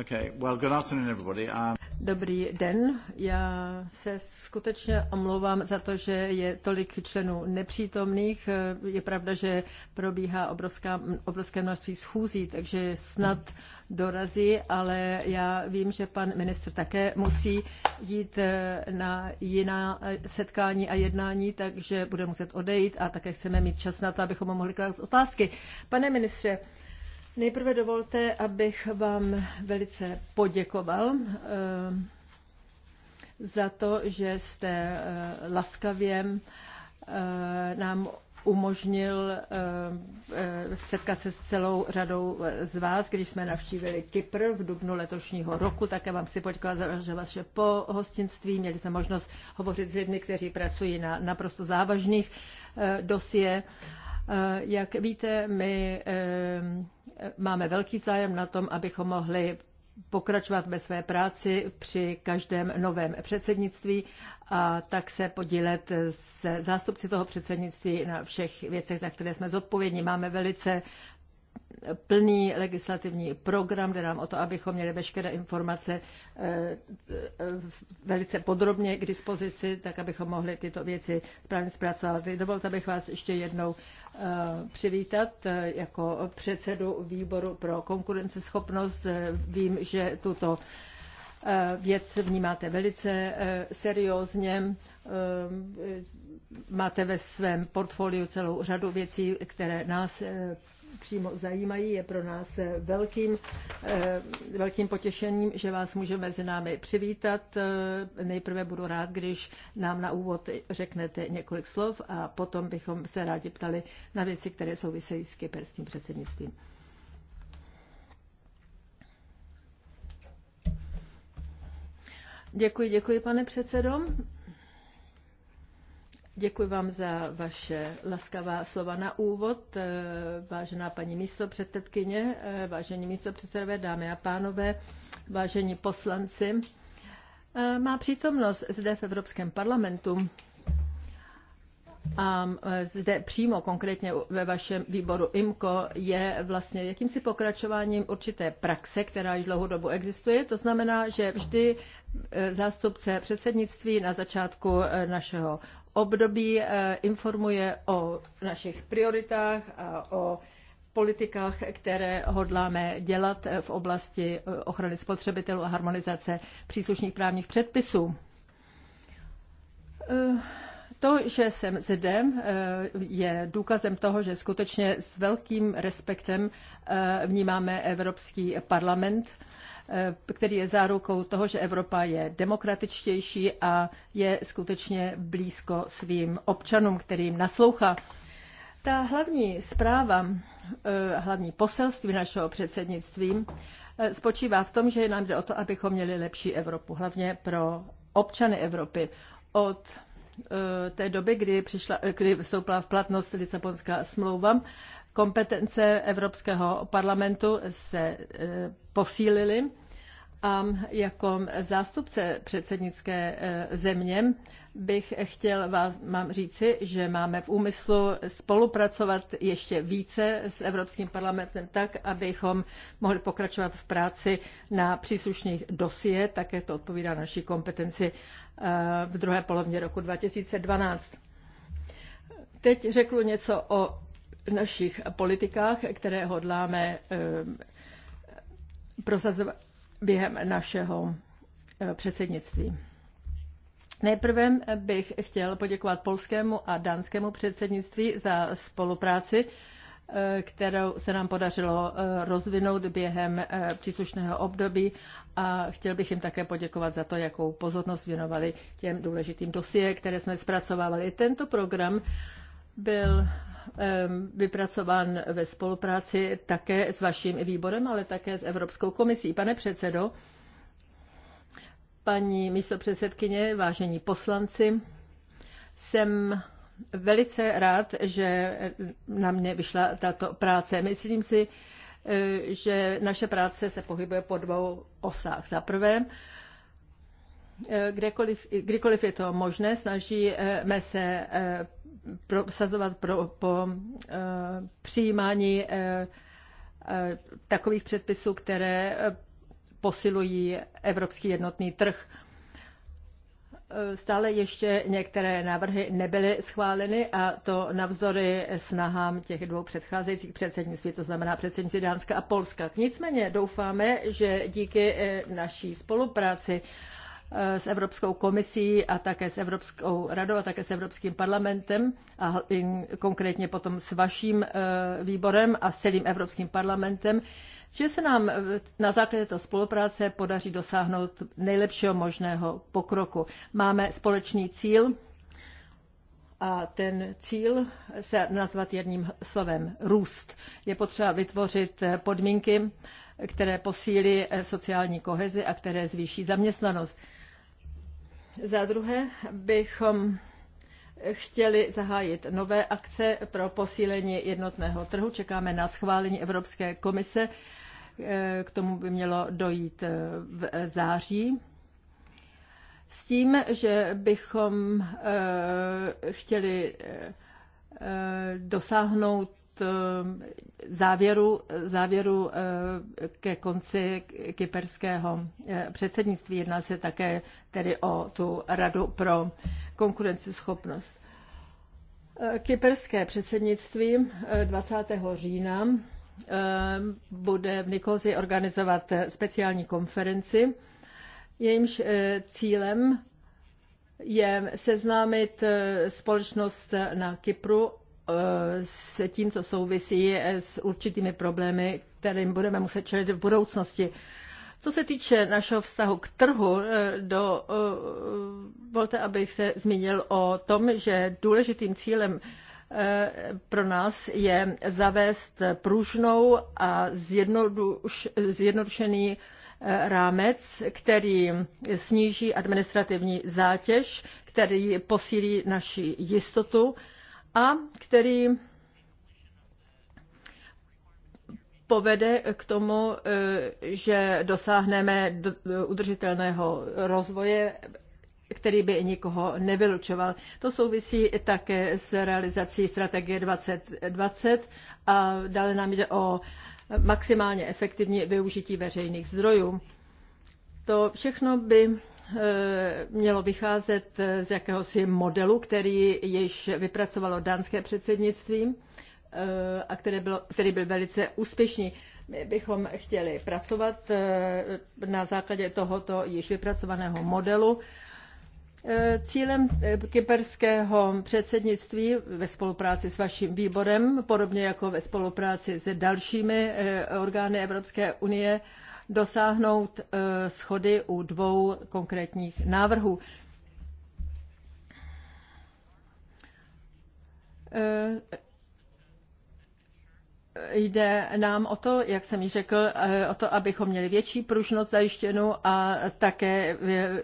Okay, well, good afternoon everybody. Um... Dobrý den, já se skutečně omlouvám za to, že je tolik členů nepřítomných. Je pravda, že probíhá obrovská, obrovské množství schůzí, takže snad dorazí, ale já vím, že pan ministr také musí jít eh, na jiná setkání a jednání, takže bude muset odejít a také chceme mít čas na to, abychom mohli klást otázky. Pane ministře, Nejprve dovolte, abych vám velice poděkoval eh, za to, že jste eh, laskavě eh, nám umožnil setkat se s celou řadou z vás, když jsme navštívili Kypr v dubnu letošního roku. Také vám chci poděkovat za vaše pohostinství. Měli jsme možnost hovořit s lidmi, kteří pracují na naprosto závažných dosie. Eh, jak víte, my eh, máme velký zájem na tom, abychom mohli pokračovat ve své práci při každém novém předsednictví a tak se podílet se zástupci toho předsednictví na všech věcech, za které jsme zodpovědní. Máme velice plný legislativní program, kde nám o to, abychom měli veškeré informace eh, eh, velice podrobně k dispozici, tak abychom mohli tyto věci správně zpracovat. Dovolte, abych vás ještě jednou eh, přivítat jako předsedu výboru pro konkurenceschopnost. Vím, že tuto věc vnímáte velice seriózně. Máte ve svém portfoliu celou řadu věcí, které nás přímo zajímají, je pro nás velkým, eh, velkým potěšením, že vás můžeme mezi námi přivítat. Eh, nejprve budu rád, když nám na úvod řeknete několik slov a potom bychom se rádi ptali na věci, které souvisejí s kyperským předsednictvím. Děkuji, děkuji, pane předsedo. Děkuji vám za vaše laskavá slova na úvod. Eh, vážená paní místopředsedkyně, eh, vážení místopředsedové, dámy a pánové, vážení poslanci, eh, má přítomnost zde v Evropském parlamentu a zde přímo konkrétně ve vašem výboru IMCO je vlastně jakýmsi pokračováním určité praxe, která již dlouhou dobu existuje. To znamená, že vždy zástupce předsednictví na začátku našeho období eh, informuje o našich prioritách a o politikách, které hodláme dělat eh, v oblasti eh, ochrany spotřebitelů a harmonizace příslušných právních předpisů. To, že jsem zde, je důkazem toho, že skutečně s velkým respektem vnímáme Evropský parlament Eh, který je zárukou toho, že Evropa je demokratičtější a je skutečně blízko svým občanům, kterým naslouchá. Ta hlavní zpráva, eh, hlavní poselství našeho předsednictví eh, spočívá v tom, že nám jde o to, abychom měli lepší Evropu, hlavně pro občany Evropy. Od té doby, kdy, přišla, kdy vstoupila v platnost Lisabonská smlouva, Kompetence Evropského parlamentu se e, posílily a jako zástupce předsednické e, země bych chtěl vás mám říci, že máme v úmyslu spolupracovat ještě více s Evropským parlamentem tak, abychom mohli pokračovat v práci na příslušných dosie, také to odpovídá naší kompetenci e, v druhé polovině roku 2012. Teď řeknu něco o našich politikách, které hodláme ehm, prosazovat během našeho eh, předsednictví. Nejprve bych chtěl poděkovat polskému a dánskému předsednictví za spolupráci, eh, kterou se nám podařilo eh, rozvinout během příslušného období a chtěl bych jim také poděkovat za to, jakou pozornost věnovali těm důležitým dosie, které jsme zpracovávali. Tento program byl vypracován ve spolupráci také s vaším výborem, ale také s Evropskou komisí. Pane předsedo, paní místopředsedkyně, vážení poslanci, jsem velice rád, že na mě vyšla tato práce. Myslím si, eh, že naše práce se pohybuje po dvou osách. Za prvé, eh, kdekoliv, kdykoliv je to možné, snažíme se eh, prosazovat pro, po eh, přijímání eh, eh, takových předpisů, které posilují evropský jednotný trh. Stále ještě některé návrhy nebyly schváleny a to navzdory snahám těch dvou předcházejících předsednictví, to znamená předsednictví Dánska a Polska. Nicméně doufáme, že díky naší spolupráci s Evropskou komisí a také s Evropskou radou a také s Evropským parlamentem a konkrétně potom s vaším eh, výborem a s celým Evropským parlamentem, že se nám eh, na základě této spolupráce podaří dosáhnout nejlepšího možného pokroku. Máme společný cíl a ten cíl se nazvat jedním slovem růst. Je potřeba vytvořit eh, podmínky, které posílí sociální kohezi a které zvýší zaměstnanost. Za druhé bychom chtěli zahájit nové akce pro posílení jednotného trhu. Čekáme na schválení Evropské komise. K tomu by mělo dojít v září. S tím, že bychom eh, chtěli eh, dosáhnout Eh, závěru, závěru eh, ke konci kyperského eh, předsednictví. Jedná se také tedy o tu radu pro konkurenceschopnost. Kyperské předsednictví 20. října bude v Nikozi organizovat speciální konferenci, jejímž cílem je seznámit společnost na Kypru s tím, co souvisí s určitými problémy, kterým budeme muset čelit v budoucnosti. Co se týče našeho vztahu k trhu, eh, do, eh, volte, abych se zmínil o tom, že důležitým cílem eh, pro nás je zavést pružnou a zjednoduš, zjednodušený rámec, který sníží administrativní zátěž, který posílí naši jistotu a který povede k tomu, eh, že dosáhneme udržitelného rozvoje, který by nikoho nevylučoval. To souvisí také s realizací strategie 2020 a dále nám jde o maximálně efektivní využití veřejných zdrojů. To všechno by Eh, mělo vycházet eh, z jakéhosi modelu, který již vypracovalo dánské předsednictví eh, a který byl, který byl velice úspěšný. My bychom chtěli pracovat na základě tohoto již vypracovaného modelu. Cílem kyperského předsednictví ve spolupráci s vaším výborem, podobně jako ve spolupráci s dalšími orgány Evropské unie, dosáhnout eh, schody u dvou konkrétních návrhů. Eh, jde nám o to, jak jsem ji řekl, eh, o to, abychom měli větší pružnost zajištěnou a také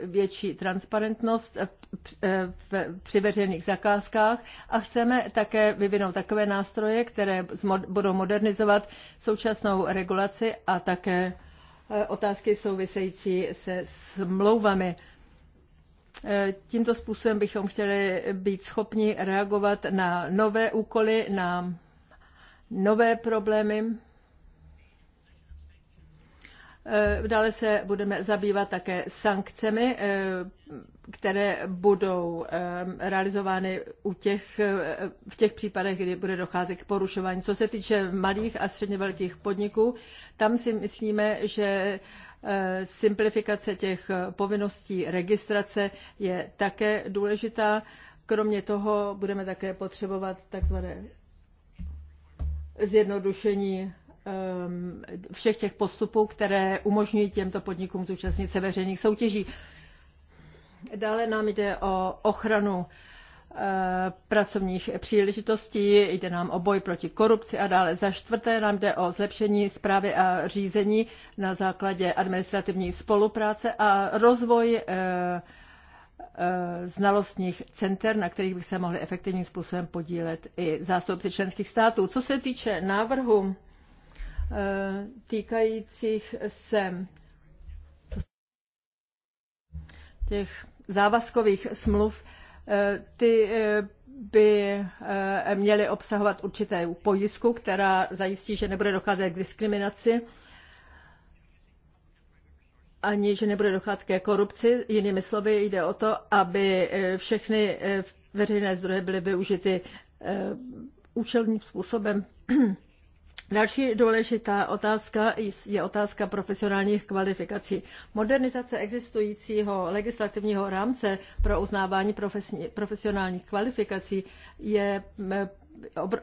větší transparentnost při veřejných zakázkách a chceme také vyvinout takové nástroje, které budou modernizovat současnou regulaci a také Eh, otázky související se smlouvami. Eh, tímto způsobem bychom chtěli být schopni reagovat na nové úkoly, na nové problémy. Eh, dále se budeme zabývat také sankcemi, eh, které budou eh, realizovány u těch, v těch případech, kdy bude docházet k porušování. Co se týče malých a středně velkých podniků, tam si myslíme, že simplifikace těch povinností registrace je také důležitá. Kromě toho budeme také potřebovat takzvané zjednodušení Um, všech těch postupů, které umožňují těmto podnikům zúčastnit se veřejných soutěží. Dále nám jde o ochranu uh, pracovních příležitostí, jde nám o boj proti korupci a dále. Za čtvrté nám jde o zlepšení zprávy a řízení na základě administrativní spolupráce a rozvoj uh, uh, znalostních center, na kterých by se mohli efektivním způsobem podílet i zástupci členských států. Co se týče návrhu Eh, týkajících se těch závazkových smluv, eh, ty eh, by měly obsahovat určité pojistku, která zajistí, že nebude docházet k diskriminaci ani že nebude docházet ke korupci. Jinými slovy jde o to, aby všechny veřejné zdroje byly využity účelným způsobem Další důležitá otázka je otázka profesionálních kvalifikací. Modernizace existujícího legislativního rámce pro uznávání profesní, profesionálních kvalifikací je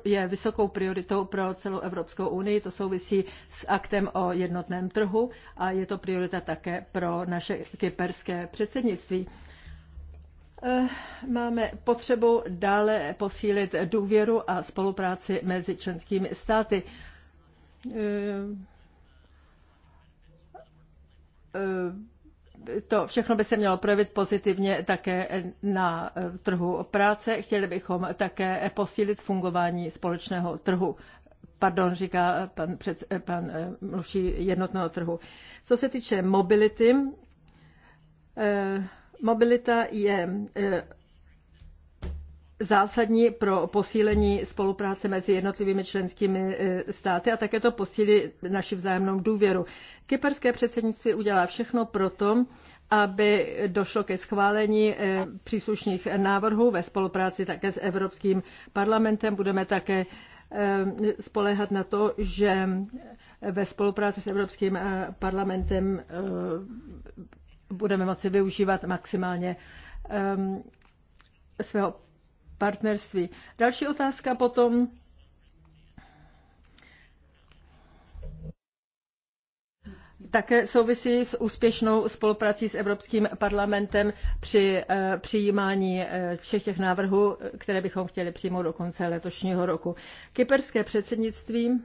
je vysokou prioritou pro celou Evropskou unii. To souvisí s aktem o jednotném trhu a je to priorita také pro naše kyperské předsednictví. Eh, máme potřebu dále posílit důvěru a spolupráci mezi členskými státy. Eh, eh, to všechno by se mělo projevit pozitivně také na eh, trhu práce. Chtěli bychom také posílit fungování společného trhu. Pardon, říká pan, před, pan mluvší jednotného trhu. Co se týče mobility, mobilita je zásadní pro posílení spolupráce mezi jednotlivými členskými e, státy a také to posílí naši vzájemnou důvěru. Kyperské předsednictví udělá všechno proto, aby došlo ke schválení e, příslušných návrhů ve spolupráci také s Evropským parlamentem. Budeme také e, spolehat na to, že ve spolupráci s Evropským parlamentem budeme moci využívat maximálně svého partnerství. Další otázka potom. Také souvisí s úspěšnou spoluprací s Evropským parlamentem při eh, přijímání eh, všech těch návrhů, které bychom chtěli přijmout do konce letošního roku. Kyperské předsednictví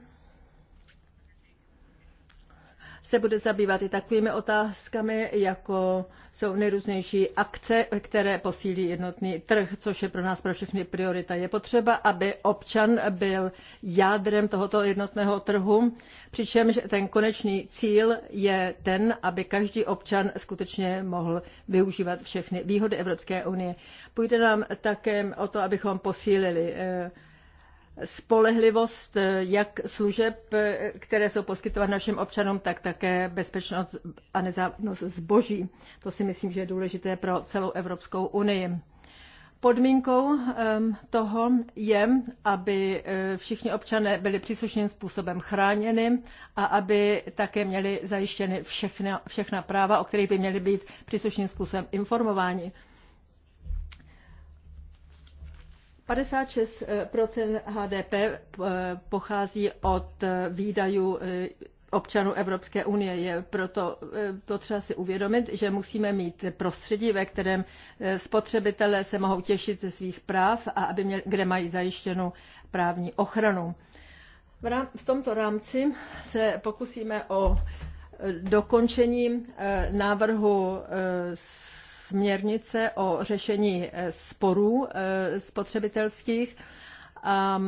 se bude zabývat i takovými otázkami, jako jsou nejrůznější akce, které posílí jednotný trh, což je pro nás pro všechny priorita. Je potřeba, aby občan byl jádrem tohoto jednotného trhu, přičemž ten konečný cíl je ten, aby každý občan skutečně mohl využívat všechny výhody Evropské unie. Půjde nám také o to, abychom posílili eh, spolehlivost eh, jak služeb, eh, které jsou poskytovány našim občanům, tak také bezpečnost a nezávodnost zboží. To si myslím, že je důležité pro celou Evropskou unii. Podmínkou ehm, toho je, aby eh, všichni občané byli příslušným způsobem chráněni a aby také měli zajištěny všechna, všechna práva, o kterých by měli být příslušným způsobem informováni. 56 HDP eh, pochází od eh, výdajů eh, občanů Evropské unie. Je proto potřeba si uvědomit, že musíme mít prostředí, ve kterém spotřebitelé se mohou těšit ze svých práv a aby měli, kde mají zajištěnou právní ochranu. V, rám, v tomto rámci se pokusíme o dokončení návrhu s směrnice o řešení eh, sporů eh, spotřebitelských a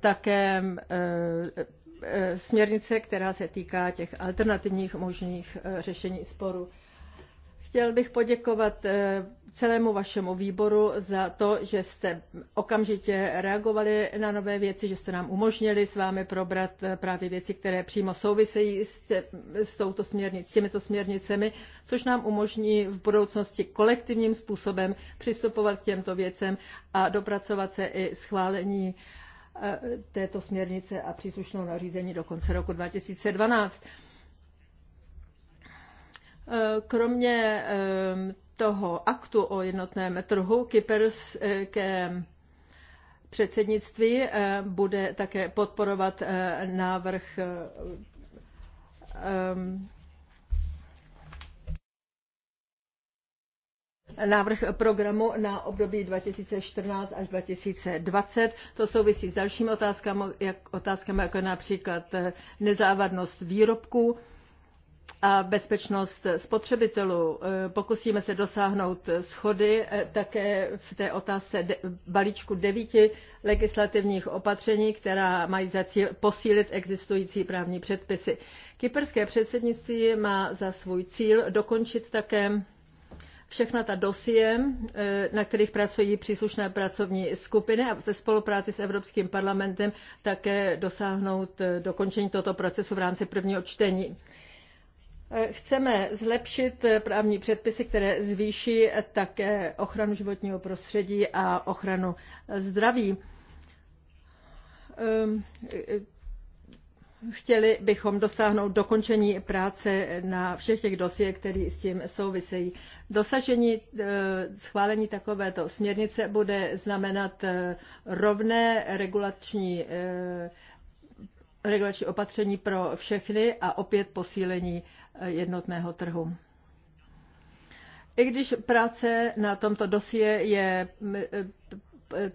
také eh, směrnice, která se týká těch alternativních možných řešení sporů. Chtěl bych poděkovat eh, celému vašemu výboru za to, že jste okamžitě reagovali na nové věci, že jste nám umožnili s vámi probrat eh, právě věci, které přímo souvisejí s, tě, s, touto směrnic, s těmito směrnicemi, což nám umožní v budoucnosti kolektivním způsobem přistupovat k těmto věcem a dopracovat se i schválení eh, této směrnice a příslušnou nařízení do konce roku 2012. Eh, kromě eh, toho aktu o jednotném trhu ke eh, předsednictví bude také podporovat návrh návrh programu na období 2014 až 2020. To souvisí s dalšími otázkami, jak, otázkami jako například nezávadnost výrobků a bezpečnost spotřebitelů. E, pokusíme se dosáhnout schody e, také v té otázce balíčku devíti legislativních opatření, která mají za cíl posílit existující právní předpisy. Kyperské předsednictví má za svůj cíl dokončit také všechna ta dosie, e, na kterých pracují příslušné pracovní skupiny a ve spolupráci s Evropským parlamentem také dosáhnout dokončení tohoto procesu v rámci prvního čtení. Eh, chceme zlepšit eh, právní předpisy, které zvýší eh, také ochranu životního prostředí a ochranu zdraví. Ehm, chtěli bychom dosáhnout dokončení práce na všech těch dosie, které s tím souvisejí. Dosažení schválení takovéto směrnice bude znamenat rovné regulační regulační opatření pro všechny a opět posílení jednotného trhu. I když práce na tomto dosie je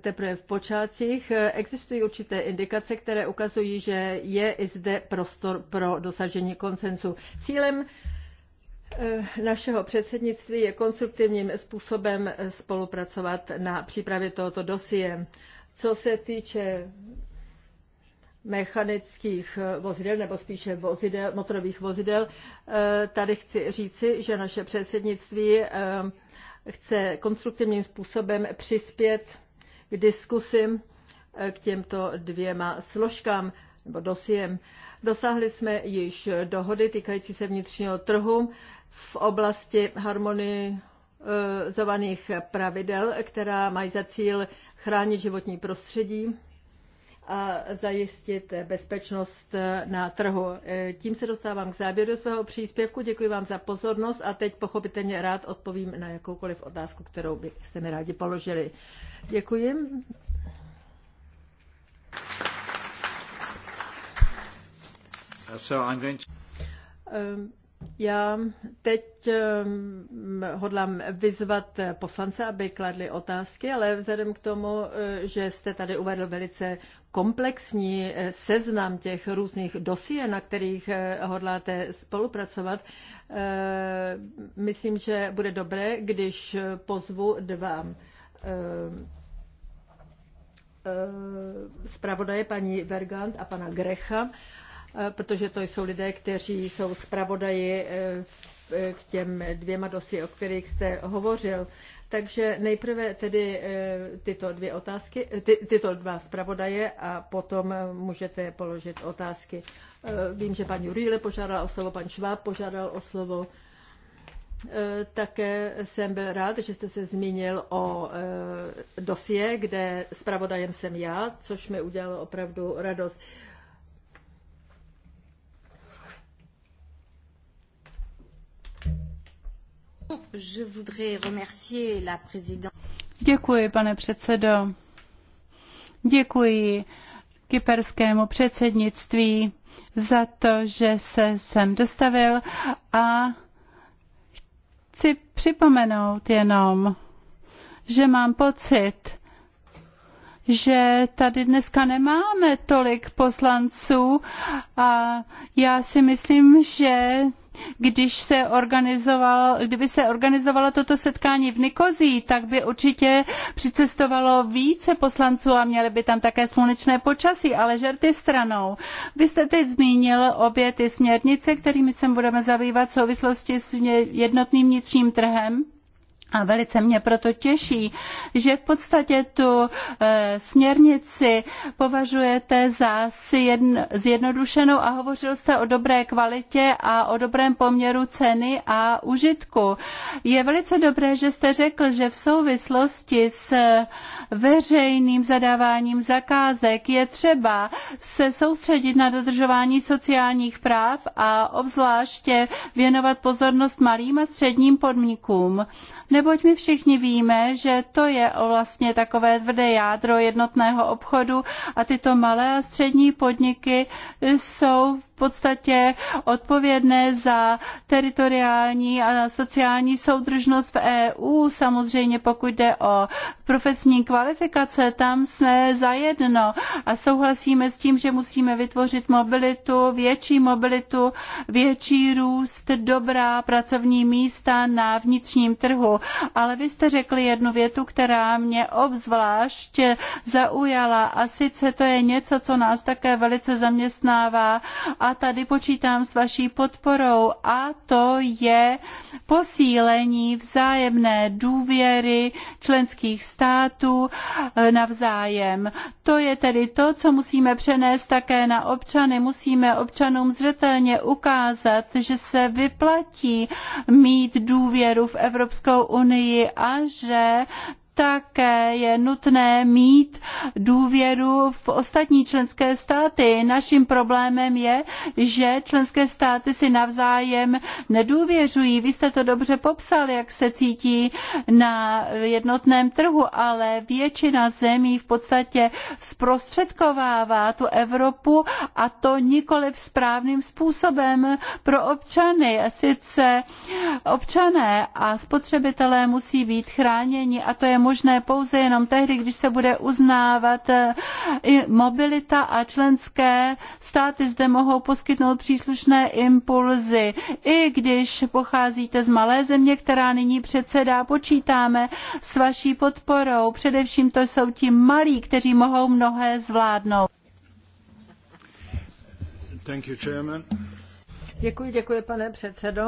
teprve v počátcích, existují určité indikace, které ukazují, že je i zde prostor pro dosažení konsensu. Cílem e, našeho předsednictví je konstruktivním způsobem spolupracovat na přípravě tohoto dosie. Co se týče mechanických eh, vozidel, nebo spíše vozidel, motorových vozidel. Eh, tady chci říci, že naše předsednictví eh, chce konstruktivním způsobem přispět k diskusi k těmto dvěma složkám nebo dosiem. Dosáhli jsme již dohody týkající se vnitřního trhu v oblasti harmonizovaných pravidel, která mají za cíl chránit životní prostředí a zajistit bezpečnost na trhu. E, tím se dostávám k závěru svého příspěvku. Děkuji vám za pozornost a teď pochopitelně rád odpovím na jakoukoliv otázku, kterou byste mi rádi položili. Děkuji. Uh, so I'm going to... Ehm, já teď ehm, hodlám vyzvat poslance, aby kladli otázky, ale vzhledem k tomu, eh, že jste tady uvedl velice komplexní eh, seznam těch různých dosie, na kterých eh, hodláte spolupracovat, myslím, že bude dobré, když pozvu dva ehm, zpravodaje paní Vergant a pana Grecha, Eh, protože to jsou lidé, kteří jsou zpravodaji eh, eh, k těm dvěma dosy, o kterých jste hovořil. Takže nejprve tedy tyto dvě otázky, ty, tyto dva zpravodaje a potom můžete položit otázky. Vím, že pan Juríle požádal o slovo, pan Šváb požádal o slovo. Také jsem byl rád, že jste se zmínil o dosie, kde zpravodajem jsem já, což mi udělalo opravdu radost. Děkuji, pane předsedo. Děkuji kyperskému předsednictví za to, že se sem dostavil a chci připomenout jenom, že mám pocit, že tady dneska nemáme tolik poslanců a já si myslím, že když se organizoval, kdyby se organizovalo toto setkání v Nikozí, tak by určitě přicestovalo více poslanců a měli by tam také slunečné počasí, ale žerty stranou. Vy jste teď zmínil obě ty směrnice, kterými se budeme zabývat v souvislosti s jednotným vnitřním trhem. A velice mě proto těší, že v podstatě tu e, směrnici považujete za jedn, zjednodušenou a hovořil jste o dobré kvalitě a o dobrém poměru ceny a užitku. Je velice dobré, že jste řekl, že v souvislosti s veřejným zadáváním zakázek je třeba se soustředit na dodržování sociálních práv a obzvláště věnovat pozornost malým a středním podnikům. Ne Neboť my všichni víme, že to je vlastně takové tvrdé jádro jednotného obchodu a tyto malé a střední podniky jsou podstatě odpovědné za teritoriální a sociální soudržnost v EU. Samozřejmě pokud jde o profesní kvalifikace, tam jsme zajedno a souhlasíme s tím, že musíme vytvořit mobilitu, větší mobilitu, větší růst, dobrá pracovní místa na vnitřním trhu. Ale vy jste řekli jednu větu, která mě obzvlášť zaujala a sice to je něco, co nás také velice zaměstnává a a tady počítám s vaší podporou a to je posílení vzájemné důvěry členských států eh, navzájem. To je tedy to, co musíme přenést také na občany. Musíme občanům zřetelně ukázat, že se vyplatí mít důvěru v Evropskou unii a že také je nutné mít důvěru v ostatní členské státy. Naším problémem je, že členské státy si navzájem nedůvěřují. Vy jste to dobře popsal, jak se cítí na jednotném trhu, ale většina zemí v podstatě zprostředkovává tu Evropu a to nikoli správným způsobem pro občany. Sice občané a spotřebitelé musí být chráněni a to je možné pouze jenom tehdy, když se bude uznávat eh, i mobilita a členské státy zde mohou poskytnout příslušné impulzy. I když pocházíte z malé země, která nyní předsedá, počítáme s vaší podporou. Především to jsou ti malí, kteří mohou mnohé zvládnout. Thank you, chairman. Děkuji, děkuji, pane předsedo.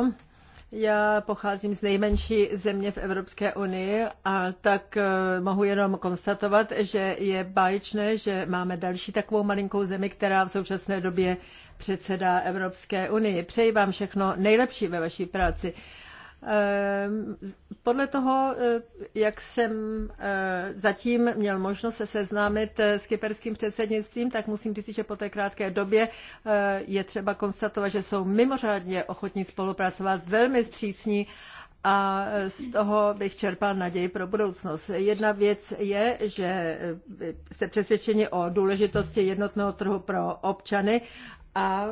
Já pocházím z nejmenší země v Evropské unii a tak eh, mohu jenom konstatovat, že je báječné, že máme další takovou malinkou zemi, která v současné době předsedá Evropské unii. Přeji vám všechno nejlepší ve vaší práci. Ehm, podle toho, eh, jak jsem eh, zatím měl možnost se seznámit eh, s kyperským předsednictvím, tak musím říct, že po té krátké době je třeba konstatovat, že jsou mimořádně ochotní spolupracovat, velmi střísní a z toho bych čerpal naději pro budoucnost. Jedna věc je, že jste přesvědčeni o důležitosti jednotného trhu pro občany a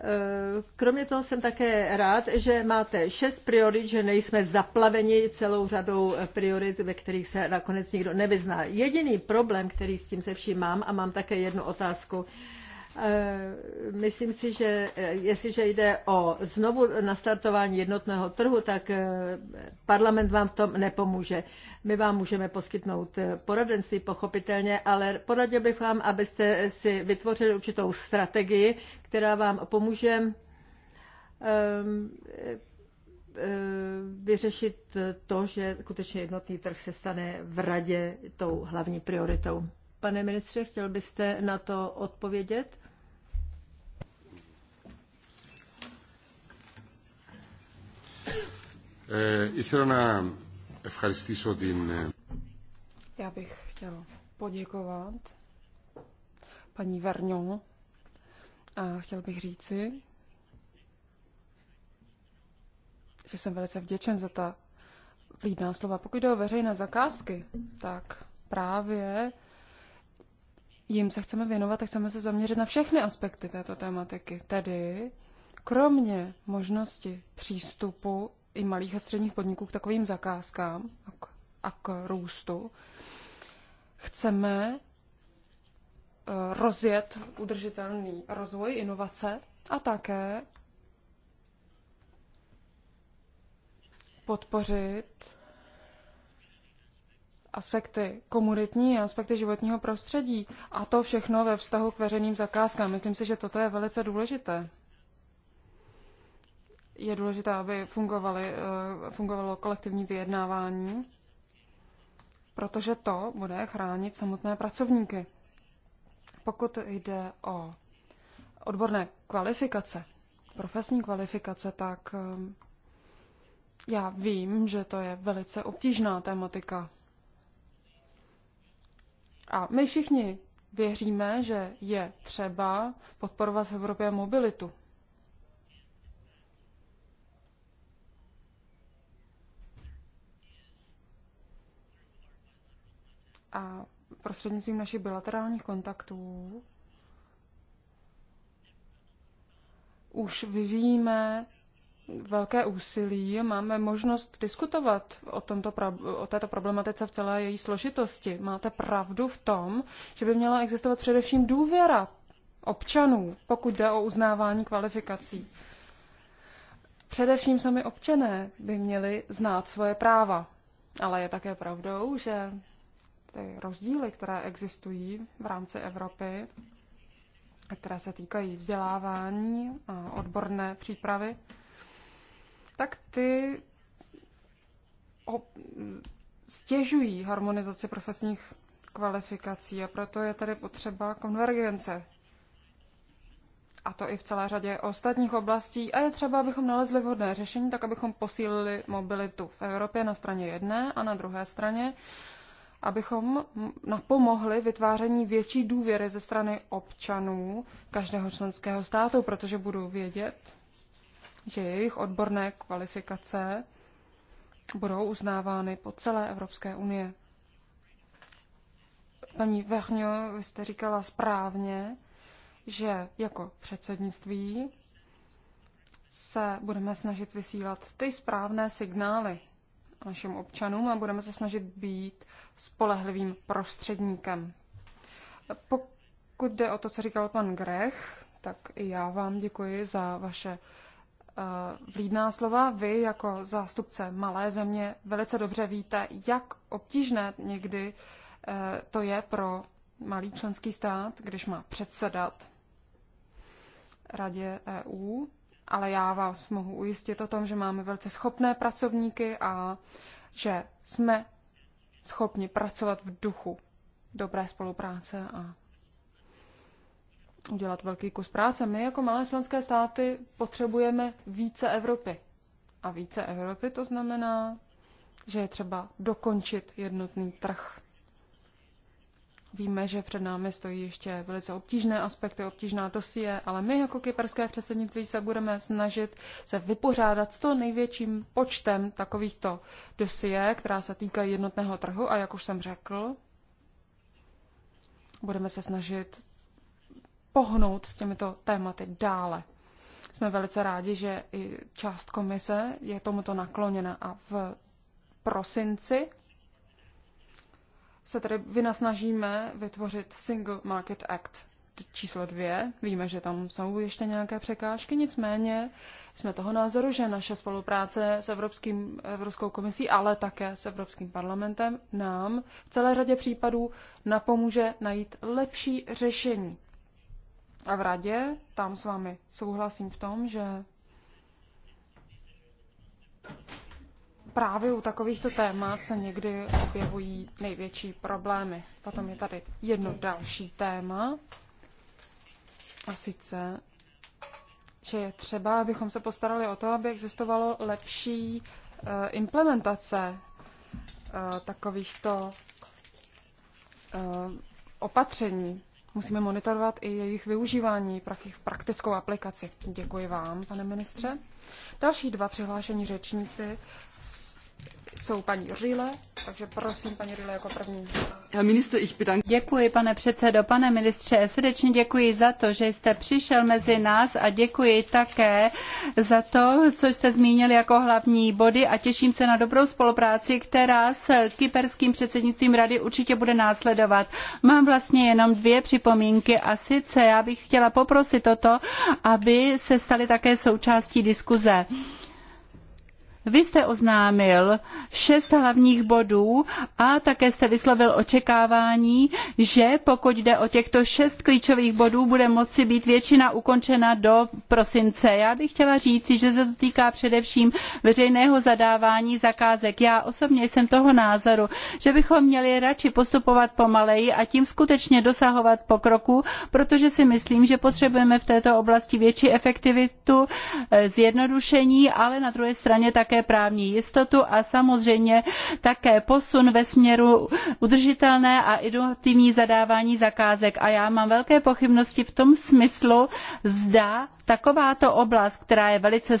Eh, kromě toho jsem také rád, že máte šest priorit, že nejsme zaplaveni celou řadou eh, priorit, ve kterých se nakonec nikdo nevyzná. Jediný problém, který s tím se vším mám, a mám také jednu otázku, Eh, myslím si, že eh, jestliže jde o znovu nastartování jednotného trhu, tak eh, parlament vám v tom nepomůže. My vám můžeme poskytnout poradenství, pochopitelně, ale poradil bych vám, abyste si vytvořili určitou strategii, která vám pomůže ehm, vyřešit to, že skutečně jednotný trh se stane v radě tou hlavní prioritou. Pane ministře, chtěl byste na to odpovědět? Ε, eh, ήθελα να ευχαριστήσω την... Já bych chtěl poděkovat paní Verňo a chtěl bych říci, že jsem velice vděčen za ta vlídná slova. Pokud jde o veřejné zakázky, tak právě jim se chceme věnovat a chceme se zaměřit na všechny aspekty této tématiky. Tedy kromě možnosti přístupu i malých a středních podniků k takovým zakázkám a k růstu. Chceme eh, rozjet udržitelný rozvoj, inovace a také podpořit aspekty komunitní a aspekty životního prostředí. A to všechno ve vztahu k veřejným zakázkám. Myslím si, že toto je velice důležité je důležité, aby fungovaly, eh, fungovalo kolektivní vyjednávání, protože to bude chránit samotné pracovníky. Pokud jde o odborné kvalifikace, profesní kvalifikace, tak eh, já vím, že to je velice obtížná tematika. A my všichni věříme, že je třeba podporovat v Evropě mobilitu. prostřednictvím našich bilaterálních kontaktů už vyvíjíme velké úsilí, máme možnost diskutovat o, tomto, o této problematice v celé její složitosti. Máte pravdu v tom, že by měla existovat především důvěra občanů, pokud jde o uznávání kvalifikací. Především sami občané by měli znát svoje práva. Ale je také pravdou, že ty rozdíly, které existují v rámci Evropy, a které se týkají vzdělávání a odborné přípravy, tak ty stěžují harmonizaci profesních kvalifikací a proto je tady potřeba konvergence. A to i v celé řadě ostatních oblastí. A je třeba, abychom nalezli vhodné řešení, tak abychom posílili mobilitu v Evropě na straně jedné a na druhé straně, abychom napomohli vytváření větší důvěry ze strany občanů každého členského státu, protože budou vědět, že jejich odborné kvalifikace budou uznávány po celé Evropské unie. Paní Vechňo, vy jste říkala správně, že jako předsednictví se budeme snažit vysílat ty správné signály našim občanům a budeme se snažit být spolehlivým prostředníkem. Pokud jde o to, co říkal pan Grech, tak i já vám děkuji za vaše eh, vlídná slova. Vy jako zástupce malé země velice dobře víte, jak obtížné někdy eh, to je pro malý členský stát, když má předsedat Radě EU ale já vás mohu ujistit o tom, že máme velice schopné pracovníky a že jsme schopni pracovat v duchu dobré spolupráce a udělat velký kus práce. My jako malé členské státy potřebujeme více Evropy. A více Evropy to znamená, že je třeba dokončit jednotný trh. Víme, že před námi stojí ještě velice obtížné aspekty, obtížná dosie, ale my jako kyperské předsednictví se budeme snažit se vypořádat s to největším počtem takovýchto dosie, která se týkají jednotného trhu a jak už jsem řekl, budeme se snažit pohnout s těmito tématy dále. Jsme velice rádi, že i část komise je tomuto nakloněna a v prosinci se tady vynasnažíme vytvořit Single Market Act číslo dvě. Víme, že tam jsou ještě nějaké překážky, nicméně jsme toho názoru, že naše spolupráce s Evropským, Evropskou komisí, ale také s Evropským parlamentem nám v celé řadě případů napomůže najít lepší řešení. A v radě tam s vámi souhlasím v tom, že právě u takovýchto témat se někdy objevují největší problémy. Potom je tady jedno další téma, a sice, že je třeba, abychom se postarali o to, aby existovalo lepší eh, implementace eh, takovýchto eh, opatření musíme monitorovat i jejich využívání, v praktickou aplikaci. Děkuji vám, pane ministře. Další dva přihlášení řečníci jsou paní Rile, takže prosím, paní Rile, jako první. Minister, ich Děkuji, pane předsedo. Pane ministře, srdečně děkuji za to, že jste přišel mezi nás a děkuji také za to, co jste zmínil jako hlavní body a těším se na dobrou spolupráci, která s kyperským předsednictvím rady určitě bude následovat. Mám vlastně jenom dvě připomínky a sice já bych chtěla poprosit o to, aby se staly také součástí diskuze. Vy jste oznámil šest hlavních bodů a také jste vyslovil očekávání, že pokud jde o těchto šest klíčových bodů, bude moci být většina ukončena do prosince. Já bych chtěla říci, že se to týká především veřejného zadávání zakázek. Já osobně jsem toho názoru, že bychom měli radši postupovat pomaleji a tím skutečně dosahovat pokroku, protože si myslím, že potřebujeme v této oblasti větší efektivitu, eh, zjednodušení, ale na druhé straně také také právní jistotu a samozřejmě také posun ve směru udržitelné a inovativní zadávání zakázek. A já mám velké pochybnosti v tom smyslu, zda takováto oblast, která je velice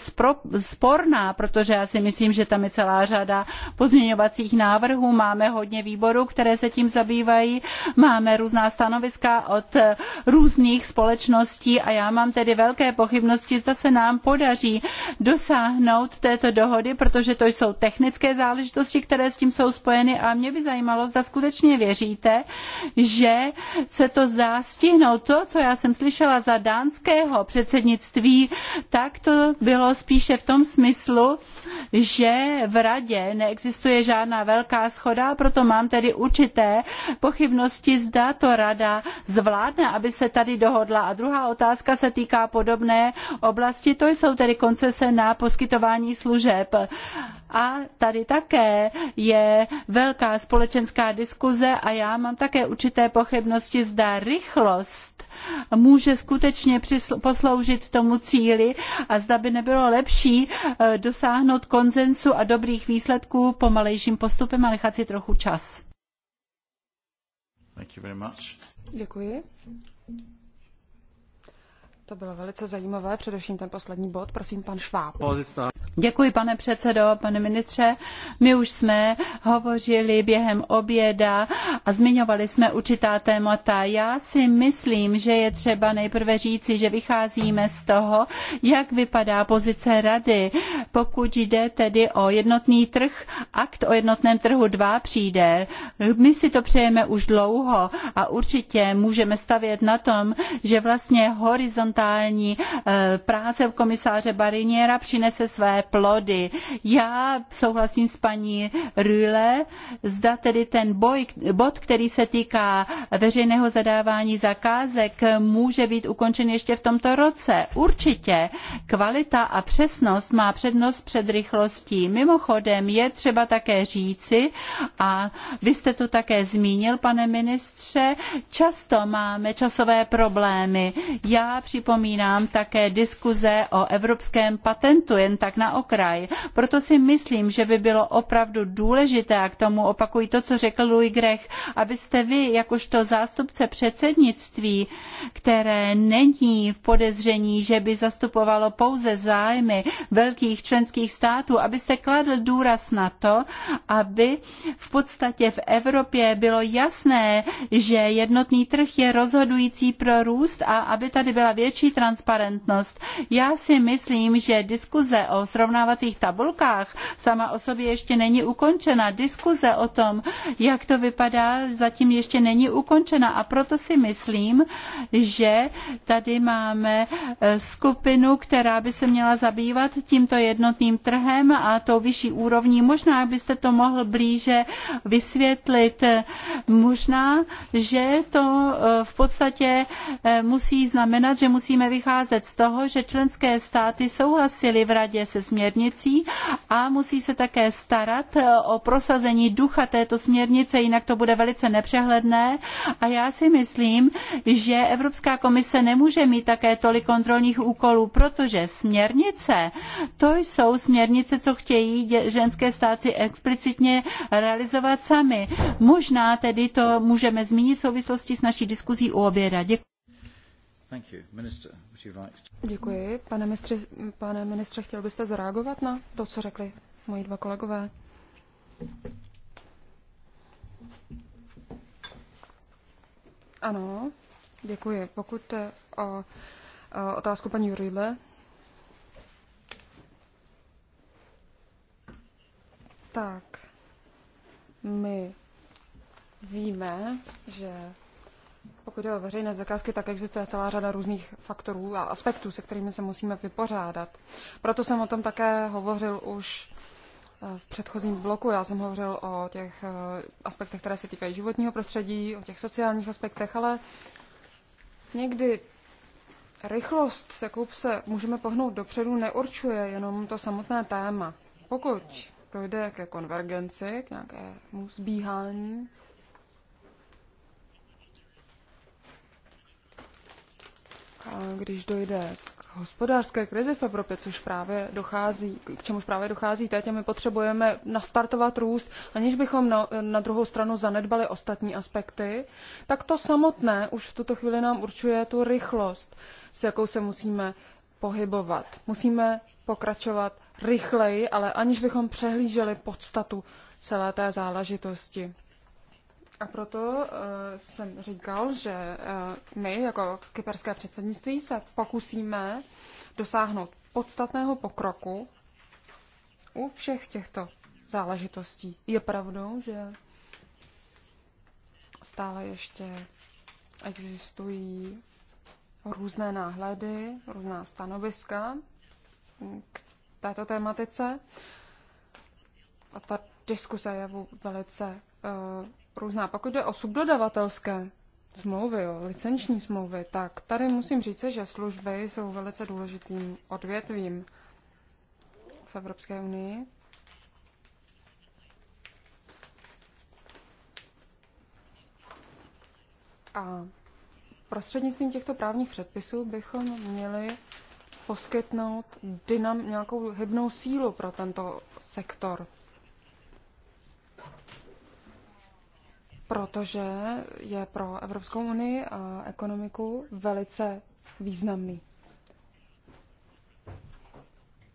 sporná, protože já si myslím, že tam je celá řada pozměňovacích návrhů, máme hodně výborů, které se tím zabývají, máme různá stanoviska od různých společností a já mám tedy velké pochybnosti, zda se nám podaří dosáhnout této dohody, protože to jsou technické záležitosti, které s tím jsou spojeny a mě by zajímalo, zda skutečně věříte, že se to zdá stihnout. To, co já jsem slyšela za dánského předsednictví, předsednictví, tak to bylo spíše v tom smyslu, že v radě neexistuje žádná velká schoda, proto mám tedy určité pochybnosti, zda to rada zvládne, aby se tady dohodla. A druhá otázka se týká podobné oblasti, to jsou tedy koncese na poskytování služeb. A tady také je velká společenská diskuze a já mám také určité pochybnosti, zda rychlost může skutečně posloužit tomu cíli a zda by nebylo lepší eh, dosáhnout konsensu a dobrých výsledků pomalejším postupem a nechat si trochu čas. Děkuji. To bylo velice zajímavé, především ten poslední bod. Prosím, pan Šváb. Děkuji, pane předsedo, pane ministře. My už jsme hovořili během oběda a zmiňovali jsme určitá témata. Já si myslím, že je třeba nejprve říci, že vycházíme z toho, jak vypadá pozice rady. Pokud jde tedy o jednotný trh, akt o jednotném trhu 2 přijde. My si to přejeme už dlouho a určitě můžeme stavět na tom, že vlastně horizont horizontální eh, práce komisáře Bariniera přinese své plody. Já souhlasím s paní Rühle, zda tedy ten boj, bod, který se týká veřejného zadávání zakázek, může být ukončen ještě v tomto roce. Určitě kvalita a přesnost má přednost před rychlostí. Mimochodem je třeba také říci, a vy jste to také zmínil, pane ministře, často máme časové problémy. Já při připomínám také diskuze o evropském patentu, jen tak na okraj. Proto si myslím, že by bylo opravdu důležité, a k tomu opakuji to, co řekl Louis Grech, abyste vy, jakožto zástupce předsednictví, které není v podezření, že by zastupovalo pouze zájmy velkých členských států, abyste kladl důraz na to, aby v podstatě v Evropě bylo jasné, že jednotný trh je rozhodující pro růst a aby tady byla větší větší transparentnost. Já si myslím, že diskuze o srovnávacích tabulkách sama o sobě ještě není ukončena. Diskuze o tom, jak to vypadá, zatím ještě není ukončena a proto si myslím, že tady máme eh, skupinu, která by se měla zabývat tímto jednotným trhem a tou vyšší úrovní. Možná byste to mohl blíže vysvětlit. Možná, že to eh, v podstatě eh, musí znamenat, že musí musíme vycházet z toho, že členské státy souhlasily v radě se směrnicí a musí se také starat eh, o prosazení ducha této směrnice, jinak to bude velice nepřehledné. A já si myslím, že Evropská komise nemůže mít také tolik kontrolních úkolů, protože směrnice, to jsou směrnice, co chtějí ženské státy explicitně realizovat sami. Možná tedy to můžeme zmínit v souvislosti s naší diskuzí u oběda. Děkuji. Děkuji. Pane ministře, pane ministře, chtěl byste zareagovat na to, co řekli moji dva kolegové? Ano, děkuji. Pokud o, o otázku paní Rýle, tak my víme, že pokud je o veřejné zakázky, tak existuje celá řada různých faktorů a aspektů, se kterými se musíme vypořádat. Proto jsem o tom také hovořil už eh, v předchozím bloku. Já jsem hovořil o těch eh, aspektech, které se týkají životního prostředí, o těch sociálních aspektech, ale někdy rychlost, se jakou se můžeme pohnout dopředu, neurčuje jenom to samotné téma. Pokud dojde ke konvergenci, k nějakému zbíhání když dojde k hospodářské krizi v Evropě, což právě dochází, k čemu právě dochází teď, a my potřebujeme nastartovat růst, aniž bychom na, na druhou stranu zanedbali ostatní aspekty, tak to samotné už v tuto chvíli nám určuje tu rychlost, s jakou se musíme pohybovat. Musíme pokračovat rychleji, ale aniž bychom přehlíželi podstatu celé té záležitosti. A proto eh, jsem říkal, že eh, my jako kyperské předsednictví se pokusíme dosáhnout podstatného pokroku u všech těchto záležitostí. Je pravdou, že stále ještě existují různé náhledy, různá stanoviska k této tématice. A ta diskuse je velice uh, různá. Pokud jde o subdodavatelské smlouvy, o licenční smlouvy, tak tady musím říct, že služby jsou velice důležitým odvětvím v Evropské unii. A prostřednictvím těchto právních předpisů bychom měli poskytnout dynam, nějakou hybnou sílu pro tento sektor, protože je pro Evropskou unii a ekonomiku velice významný.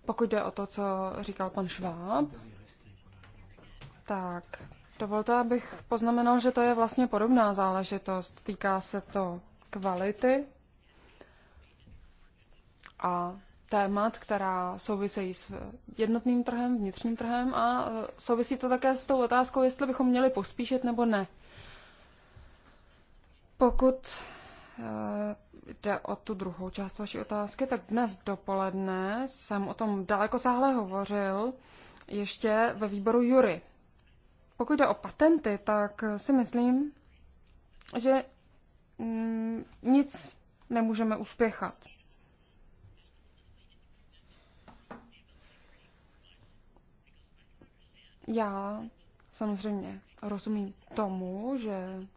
Pokud jde o to, co říkal pan Šváb, tak dovolte, abych poznamenal, že to je vlastně podobná záležitost. Týká se to kvality a témat, která souvisejí s jednotným trhem, vnitřním trhem a e, souvisí to také s tou otázkou, jestli bychom měli pospíšit nebo ne. Pokud eh, jde o tu druhou část vaší otázky, tak dnes dopoledne jsem o tom daleko sáhle hovořil ještě ve výboru Jury. Pokud jde o patenty, tak si myslím, že mm, nic nemůžeme uspěchat. Já samozřejmě rozumím tomu, že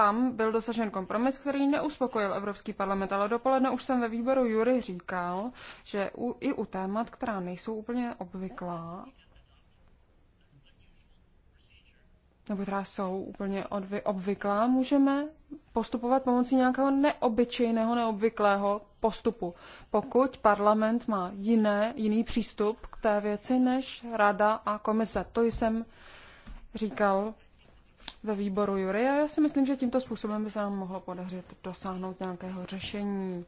tam byl dosažen kompromis, který neuspokojil Evropský parlament, ale dopoledne už jsem ve výboru Jury říkal, že u, i u témat, která nejsou úplně obvyklá, nebo která jsou úplně odvy, obvyklá, můžeme postupovat pomocí nějakého neobyčejného, neobvyklého postupu. Pokud parlament má jiné, jiný přístup k té věci než rada a komise. To jsem říkal ve výboru Jury a já si myslím, že tímto způsobem by se nám mohlo podařit dosáhnout nějakého řešení.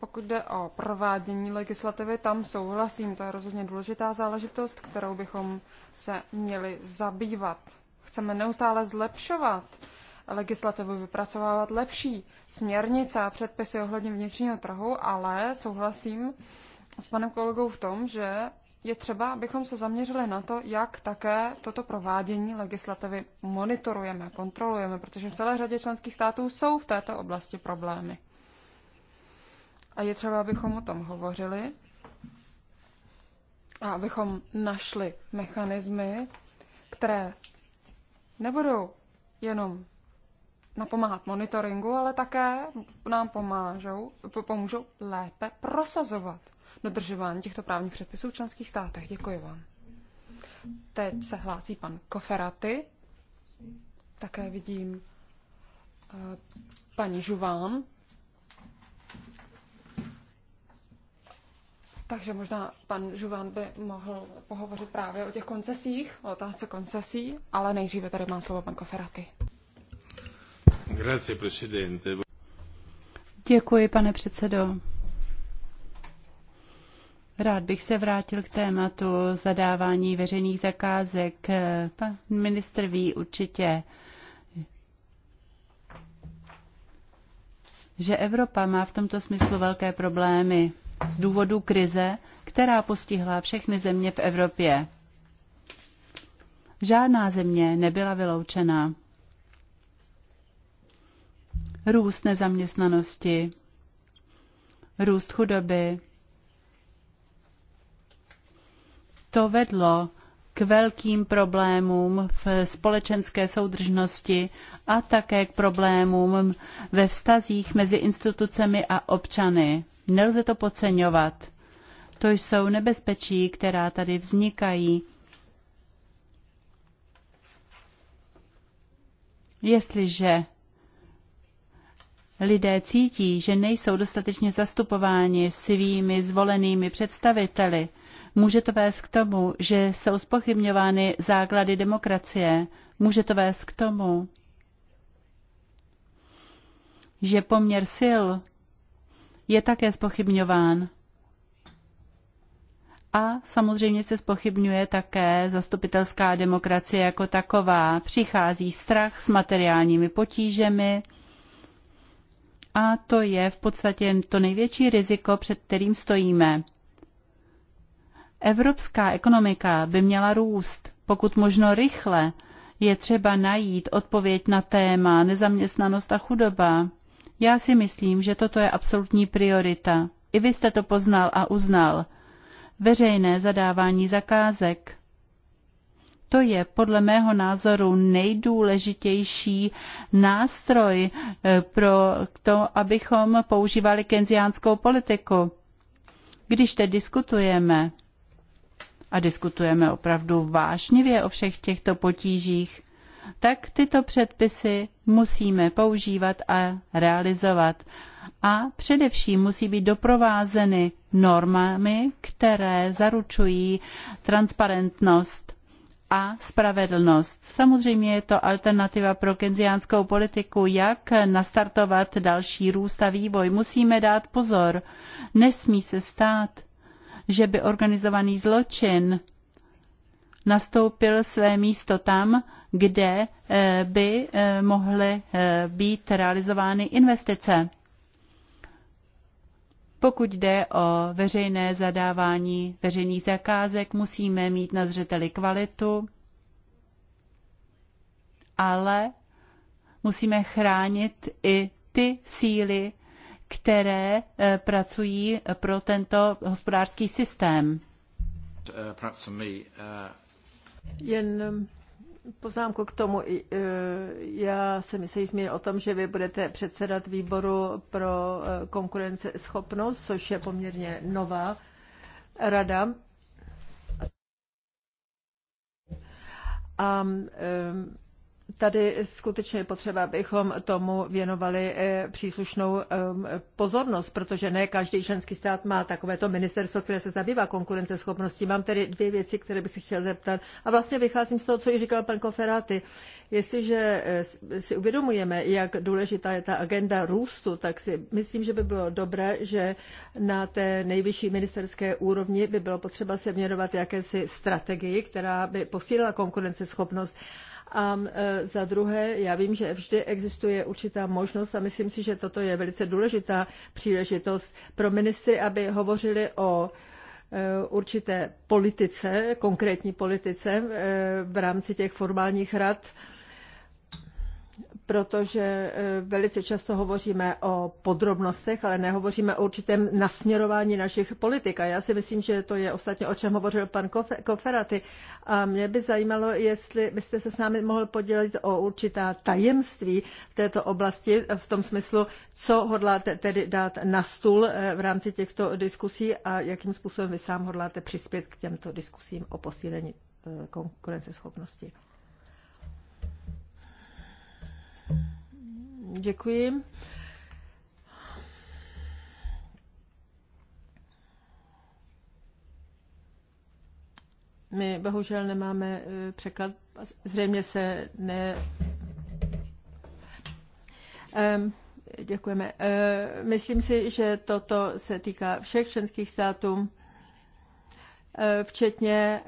Pokud jde o provádění legislativy, tam souhlasím, to je rozhodně důležitá záležitost, kterou bychom se měli zabývat. Chceme neustále zlepšovat legislativu, vypracovávat lepší směrnice a předpisy ohledně vnitřního trhu, ale souhlasím s panem kolegou v tom, že je třeba, abychom se zaměřili na to, jak také toto provádění legislativy monitorujeme, kontrolujeme, protože v celé řadě členských států jsou v této oblasti problémy. A je třeba, abychom o tom hovořili a abychom našli mechanismy, které nebudou jenom napomáhat monitoringu, ale také nám pomážou, pomůžou lépe prosazovat dodržování těchto právních předpisů v členských státech. Děkuji vám. Teď se hlásí pan Koferaty. Také vidím eh, paní Žuván. Takže možná pan Žuván by mohl pohovořit právě o těch koncesích, o otázce koncesí, ale nejdříve tady má slovo pan Koferaty. Grazie, presidente. Děkuji, pane předsedo. Rád bych se vrátil k tématu zadávání veřejných zakázek. Pan ministr ví určitě, že Evropa má v tomto smyslu velké problémy z důvodu krize, která postihla všechny země v Evropě. Žádná země nebyla vyloučena. Růst nezaměstnanosti, růst chudoby, To vedlo k velkým problémům v společenské soudržnosti a také k problémům ve vztazích mezi institucemi a občany. Nelze to podceňovat. To jsou nebezpečí, která tady vznikají. Jestliže lidé cítí, že nejsou dostatečně zastupováni svými zvolenými představiteli, Může to vést k tomu, že jsou spochybňovány základy demokracie. Může to vést k tomu, že poměr sil je také spochybňován. A samozřejmě se spochybňuje také zastupitelská demokracie jako taková. Přichází strach s materiálními potížemi a to je v podstatě to největší riziko, před kterým stojíme. Evropská ekonomika by měla růst, pokud možno rychle. Je třeba najít odpověď na téma nezaměstnanost a chudoba. Já si myslím, že toto je absolutní priorita. I vy jste to poznal a uznal. Veřejné zadávání zakázek. To je podle mého názoru nejdůležitější nástroj eh, pro to, abychom používali kenziánskou politiku. Když teď diskutujeme a diskutujeme opravdu vášnivě o všech těchto potížích, tak tyto předpisy musíme používat a realizovat. A především musí být doprovázeny normami, které zaručují transparentnost a spravedlnost. Samozřejmě je to alternativa pro kenziánskou politiku, jak nastartovat další růst a vývoj. Musíme dát pozor. Nesmí se stát, že by organizovaný zločin nastoupil své místo tam, kde eh, by eh, mohly eh, být realizovány investice. Pokud jde o veřejné zadávání veřejných zakázek, musíme mít na zřeteli kvalitu, ale musíme chránit i ty síly, které eh, pracují pro tento hospodářský systém. Uh, Jen um, poznámku k tomu. Eh, já jsem se zmínil o tom, že vy budete předsedat výboru pro eh, konkurenceschopnost, což je poměrně nová rada. A um, tady skutečně je potřeba, abychom tomu věnovali eh, příslušnou ehm, pozornost, protože ne každý členský stát má takovéto ministerstvo, které se zabývá konkurenceschopností. Mám tedy dvě věci, které bych se chtěl zeptat. A vlastně vycházím z toho, co ji říkal pan Koferáty. Jestliže eh, si uvědomujeme, jak důležitá je ta agenda růstu, tak si myslím, že by bylo dobré, že na té nejvyšší ministerské úrovni by bylo potřeba se věnovat jakési strategii, která by posílila konkurenceschopnost a e, za druhé, já vím, že vždy existuje určitá možnost a myslím si, že toto je velice důležitá příležitost pro ministry, aby hovořili o e, určité politice, konkrétní politice e, v rámci těch formálních rad protože eh, velice často hovoříme o podrobnostech, ale nehovoříme o určitém nasměrování našich politik. A já si myslím, že to je ostatně, o čem hovořil pan Koferaty. A mě by zajímalo, jestli byste se s námi mohl podělit o určitá tajemství v této oblasti, v tom smyslu, co hodláte tedy dát na stůl eh, v rámci těchto diskusí a jakým způsobem vy sám hodláte přispět k těmto diskusím o posílení eh, konkurenceschopnosti. Děkuji. My bohužel nemáme eh, překlad, zřejmě se ne. Děkujeme. Eh, myslím si, že toto se týká všech členských států, eh, včetně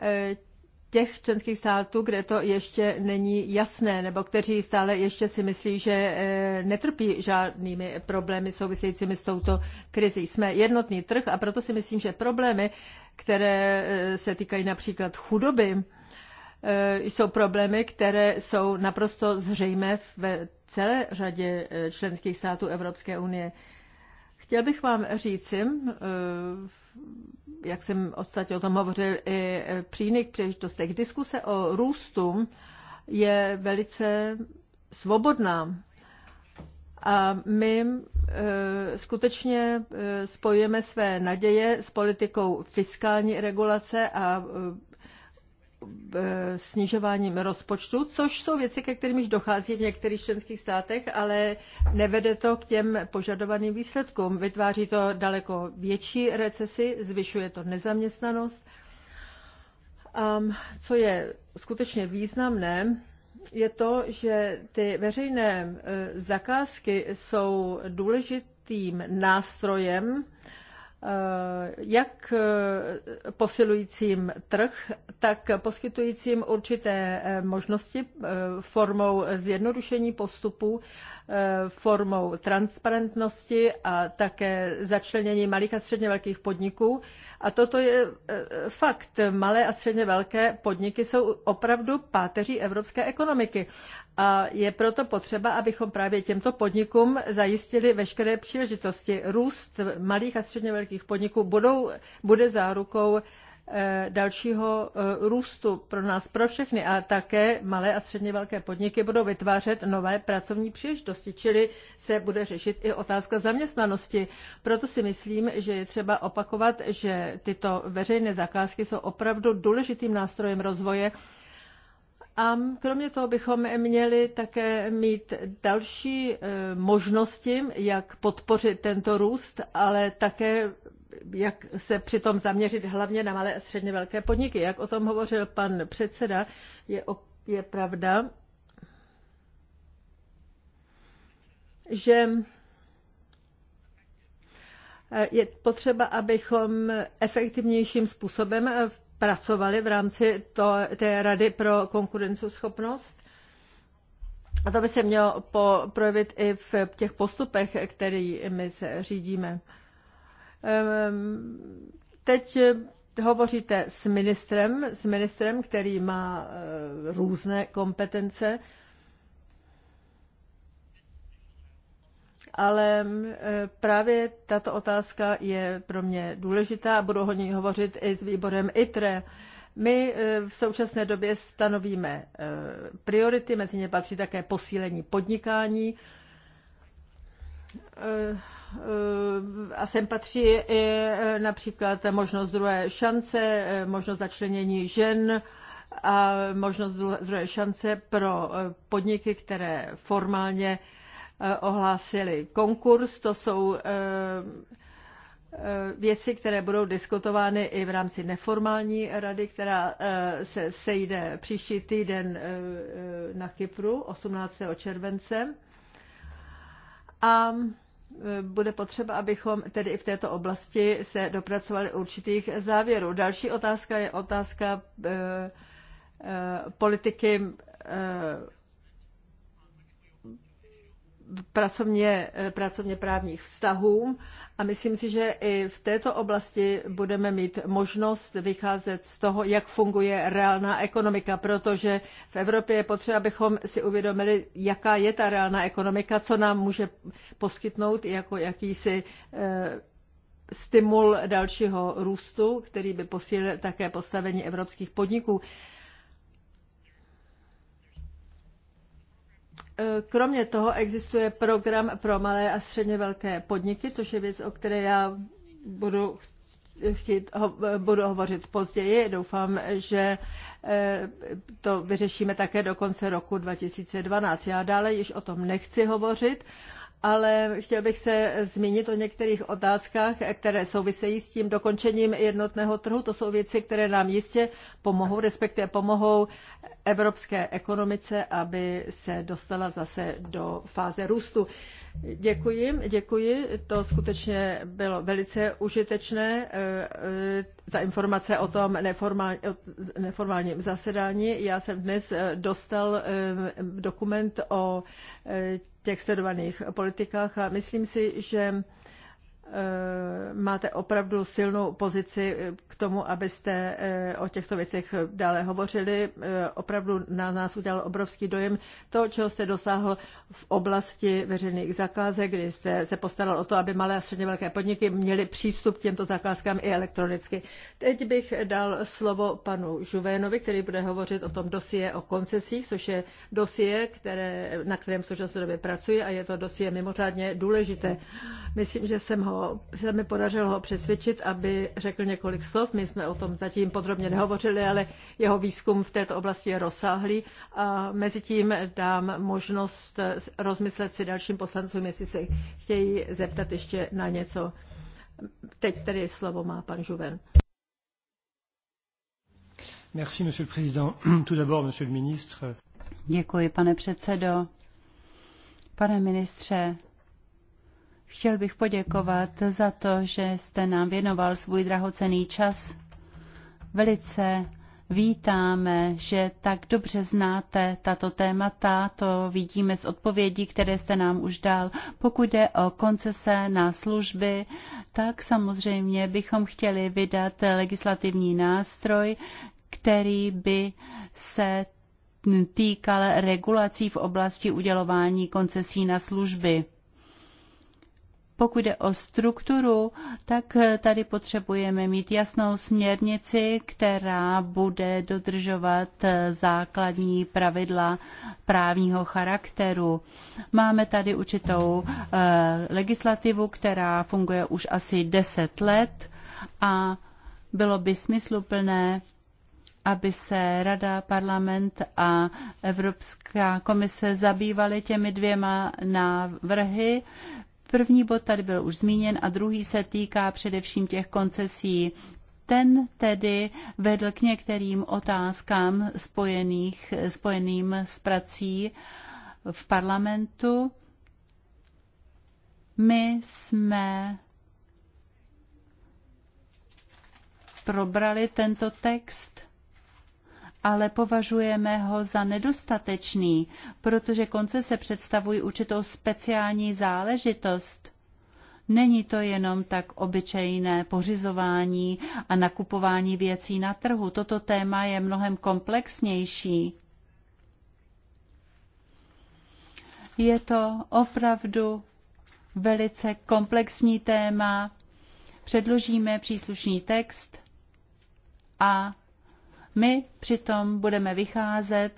těch členských států, kde to ještě není jasné, nebo kteří stále ještě si myslí, že eh, netrpí žádnými problémy souvisejícími s touto krizí. Jsme jednotný trh a proto si myslím, že problémy, které eh, se týkají například chudoby, eh, jsou problémy, které jsou naprosto zřejmé ve celé řadě členských států Evropské unie. Chtěl bych vám říct, v jak jsem ostatně o tom hovořil i e, při jiných příležitostech, diskuse o růstu je velice svobodná. A my e, skutečně e, spojujeme své naděje s politikou fiskální regulace a e, Eh, snižováním rozpočtu, což jsou věci, ke kterým již dochází v některých členských státech, ale nevede to k těm požadovaným výsledkům. Vytváří to daleko větší recesi, zvyšuje to nezaměstnanost. A co je skutečně významné, je to, že ty veřejné eh, zakázky jsou důležitým nástrojem, Eh, jak eh, posilujícím trh, tak poskytujícím určité eh, možnosti formou zjednodušení postupu, formou transparentnosti a také začlenění malých a středně velkých podniků. A toto je fakt. Malé a středně velké podniky jsou opravdu páteří evropské ekonomiky. A je proto potřeba, abychom právě těmto podnikům zajistili veškeré příležitosti. Růst malých a středně velkých podniků budou, bude zárukou eh, dalšího eh, růstu pro nás, pro všechny a také malé a středně velké podniky budou vytvářet nové pracovní příležitosti, čili se bude řešit i otázka zaměstnanosti. Proto si myslím, že je třeba opakovat, že tyto veřejné zakázky jsou opravdu důležitým nástrojem rozvoje a kromě toho bychom měli také mít další e, možnosti, jak podpořit tento růst, ale také jak se přitom zaměřit hlavně na malé a středně velké podniky. Jak o tom hovořil pan předseda, je, je pravda, že e, je potřeba, abychom efektivnějším způsobem v pracovali v rámci to, té Rady pro konkurenceschopnost. A to by se mělo po, projevit i v těch postupech, kterými se řídíme. Ehm, teď hovoříte s ministrem, s ministrem, který má eh, různé kompetence. ale e, právě tato otázka je pro mě důležitá a budu hodně hovořit i s výborem ITRE. My e, v současné době stanovíme e, priority, mezi ně patří také posílení podnikání a sem patří i například možnost druhé šance, možnost začlenění žen a možnost druhé šance pro podniky, které formálně Eh, ohlásili konkurs. To jsou eh, eh, věci, které budou diskutovány i v rámci neformální rady, která se sejde příští týden na Kypru 18. července. A bude potřeba, abychom tedy i v této oblasti se dopracovali určitých závěrů. Další otázka je otázka politiky pracovně, eh, pracovně právních vztahů a myslím si, že i v této oblasti budeme mít možnost vycházet z toho, jak funguje reálná ekonomika, protože v Evropě je potřeba, abychom si uvědomili, jaká je ta reálná ekonomika, co nám může poskytnout jako jakýsi eh, stimul dalšího růstu, který by posílil také postavení evropských podniků. Eh, kromě toho existuje program pro malé a středně velké podniky, což je věc, o které já budu chtít, ho, budu hovořit později. Doufám, že eh, to vyřešíme také do konce roku 2012. Já dále již o tom nechci hovořit, ale chtěl bych se zmínit o některých otázkách, které souvisejí s tím dokončením jednotného trhu. To jsou věci, které nám jistě pomohou, respektive pomohou evropské ekonomice, aby se dostala zase do fáze růstu. Děkuji, děkuji. To skutečně bylo velice užitečné. Eh, eh, ta informace o tom neformálním zasedání. Já jsem dnes eh, dostal dokument o těch sledovaných politikách a myslím si, že Eh, máte opravdu silnou pozici eh, k tomu, abyste eh, o těchto věcech dále hovořili. Opravdu na nás udělal obrovský dojem to, čeho jste dosáhl v oblasti veřejných zakázek, kdy jste se postaral o to, aby malé a středně velké podniky měly přístup k těmto zakázkám i elektronicky. Teď bych dal slovo panu Žuvénovi, který bude hovořit o tom dosie o koncesích, což je dosie, které, na kterém v současné době pracuji a je to dosie mimořádně důležité. Myslím, že jsem ho ho, se mi podařilo ho přesvědčit, aby řekl několik slov. My jsme o tom zatím podrobně nehovořili, ale jeho výzkum v této oblasti je rozsáhlý. A mezi tím dám možnost rozmyslet si dalším poslancům, jestli se chtějí zeptat ještě na něco. Teď tedy slovo má pan Žuven. Merci, monsieur le président. Tout d'abord, monsieur le ministre. Děkuji, pane předsedo. Pane ministře, Chtěl bych poděkovat za to, že jste nám věnoval svůj drahocený čas. Velice vítáme, že tak dobře znáte tato témata, to vidíme z odpovědí, které jste nám už dal. Pokud jde o koncese na služby, tak samozřejmě bychom chtěli vydat legislativní nástroj, který by se týkal regulací v oblasti udělování koncesí na služby. Pokud jde o strukturu, tak tady potřebujeme mít jasnou směrnici, která bude dodržovat základní pravidla právního charakteru. Máme tady určitou eh, legislativu, která funguje už asi 10 let a bylo by smysluplné aby se Rada, parlament a Evropská komise zabývaly těmi dvěma návrhy, První bod tady byl už zmíněn a druhý se týká především těch koncesí. Ten tedy vedl k některým otázkám spojených, spojeným s prací v parlamentu. My jsme probrali tento text ale považujeme ho za nedostatečný, protože konce se představují určitou speciální záležitost. Není to jenom tak obyčejné pořizování a nakupování věcí na trhu. Toto téma je mnohem komplexnější. Je to opravdu velice komplexní téma. Předložíme příslušný text a my přitom budeme vycházet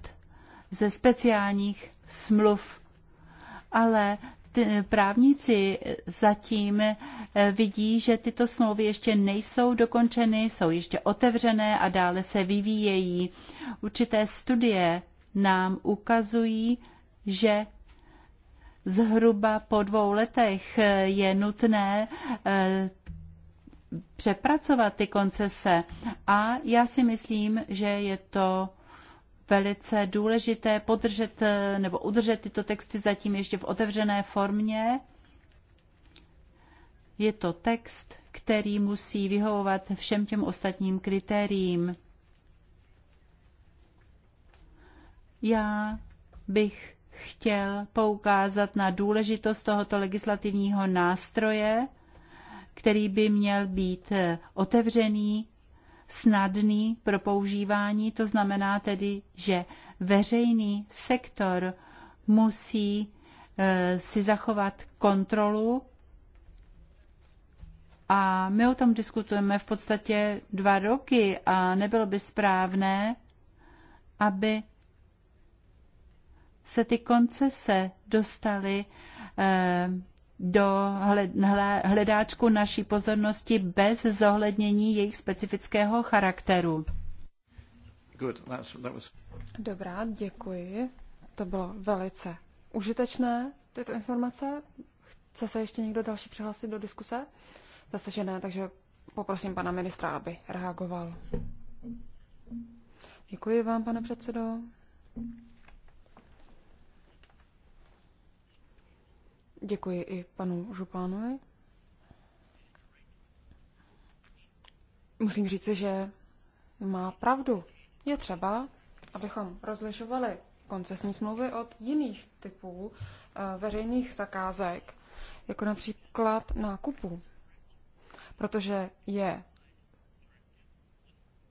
ze speciálních smluv, ale ty právníci zatím eh, vidí, že tyto smlouvy ještě nejsou dokončeny, jsou ještě otevřené a dále se vyvíjejí. Určité studie nám ukazují, že zhruba po dvou letech eh, je nutné eh, přepracovat ty koncese a já si myslím, že je to velice důležité podržet eh, nebo udržet tyto texty zatím ještě v otevřené formě. Je to text, který musí vyhovovat všem těm ostatním kritériím. Já bych chtěl poukázat na důležitost tohoto legislativního nástroje, který by měl být eh, otevřený, snadný pro používání. To znamená tedy, že veřejný sektor musí eh, si zachovat kontrolu a my o tom diskutujeme v podstatě dva roky a nebylo by správné, aby se ty koncese dostaly eh, do hledáčku naší pozornosti bez zohlednění jejich specifického charakteru. Dobrá, děkuji. To bylo velice užitečné, tyto informace. Chce se ještě někdo další přihlásit do diskuse? Zase, že ne, takže poprosím pana ministra, aby reagoval. Děkuji vám, pane předsedo. Děkuji i panu Župánovi. Musím říci, že má pravdu. Je třeba, abychom rozlišovali koncesní smlouvy od jiných typů eh, veřejných zakázek, jako například nákupu. Protože je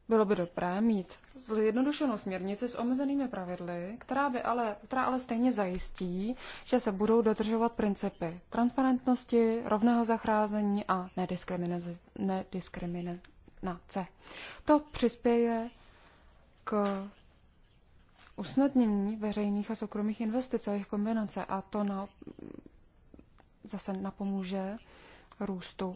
bylo by dobré mít zjednodušenou směrnici s omezenými pravidly, která, by ale, která ale stejně zajistí, že se budou dodržovat principy transparentnosti, rovného zacházení a nediskriminace. To přispěje k usnadnění veřejných a soukromých investic a jejich kombinace a to na, zase napomůže růstu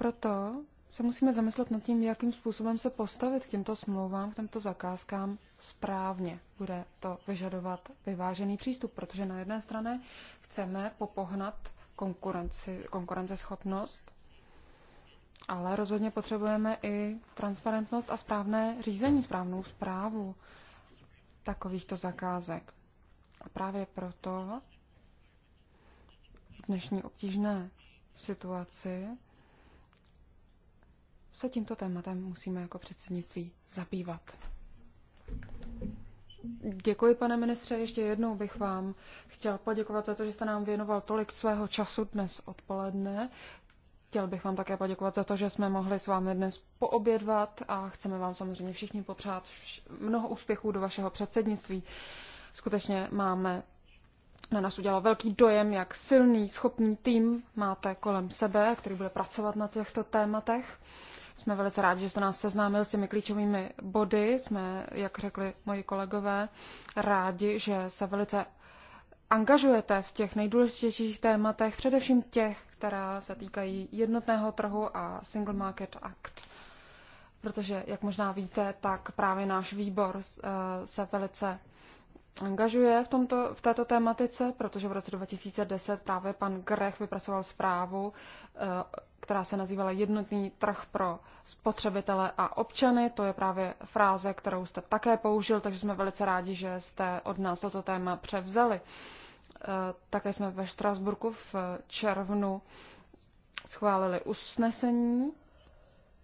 Proto se musíme zamyslet nad tím, jakým způsobem se postavit k těmto smlouvám, k těmto zakázkám správně. Bude to vyžadovat vyvážený přístup, protože na jedné straně chceme popohnat konkurenci, konkurenceschopnost, ale rozhodně potřebujeme i transparentnost a správné řízení, správnou zprávu takovýchto zakázek. A právě proto v dnešní obtížné situaci se tímto tématem musíme jako předsednictví zabývat. Děkuji, pane ministře. Ještě jednou bych vám chtěl poděkovat za to, že jste nám věnoval tolik svého času dnes odpoledne. Chtěl bych vám také poděkovat za to, že jsme mohli s vámi dnes poobědvat a chceme vám samozřejmě všichni popřát mnoho úspěchů do vašeho předsednictví. Skutečně máme na nás udělal velký dojem, jak silný, schopný tým máte kolem sebe, který bude pracovat na těchto tématech. Jsme velice rádi, že jste nás seznámil s těmi klíčovými body. Jsme, jak řekli moji kolegové, rádi, že se velice angažujete v těch nejdůležitějších tématech, především těch, která se týkají jednotného trhu a Single Market Act. Protože, jak možná víte, tak právě náš výbor eh, se velice angažuje v, tomto, v této tématice, protože v roce 2010 právě pan Grech vypracoval zprávu eh, která se nazývala Jednotný trh pro spotřebitele a občany. To je právě fráze, kterou jste také použil, takže jsme velice rádi, že jste od nás toto téma převzali. E, také jsme ve Štrasburku v červnu schválili usnesení,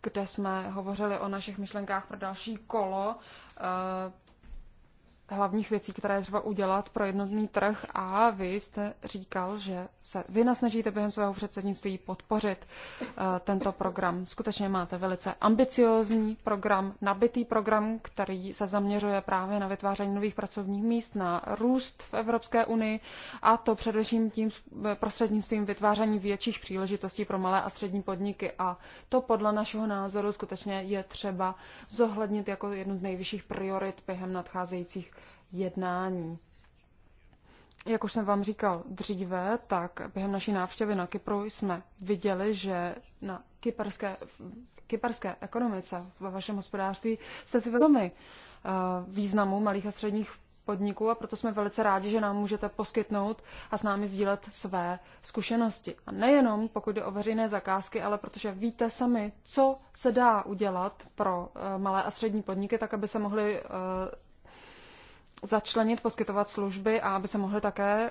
kde jsme hovořili o našich myšlenkách pro další kolo e, hlavních věcí, které je třeba udělat pro jednotný trh a vy jste říkal, že se vy nasnažíte během svého předsednictví podpořit uh, tento program. Skutečně máte velice ambiciózní program, nabitý program, který se zaměřuje právě na vytváření nových pracovních míst, na růst v Evropské unii a to především tím eh, prostřednictvím vytváření větších příležitostí pro malé a střední podniky a to podle našeho názoru skutečně je třeba zohlednit jako jednu z nejvyšších priorit během nadcházejících jednání. Jak už jsem vám říkal dříve, tak během naší návštěvy na Kypru jsme viděli, že na kyperské, kyperské ekonomice, ve vašem hospodářství, jste si vědomi eh, významu malých a středních podniků a proto jsme velice rádi, že nám můžete poskytnout a s námi sdílet své zkušenosti. A nejenom pokud jde o veřejné zakázky, ale protože víte sami, co se dá udělat pro eh, malé a střední podniky, tak aby se mohly eh, začlenit, poskytovat služby a aby se mohli také eh,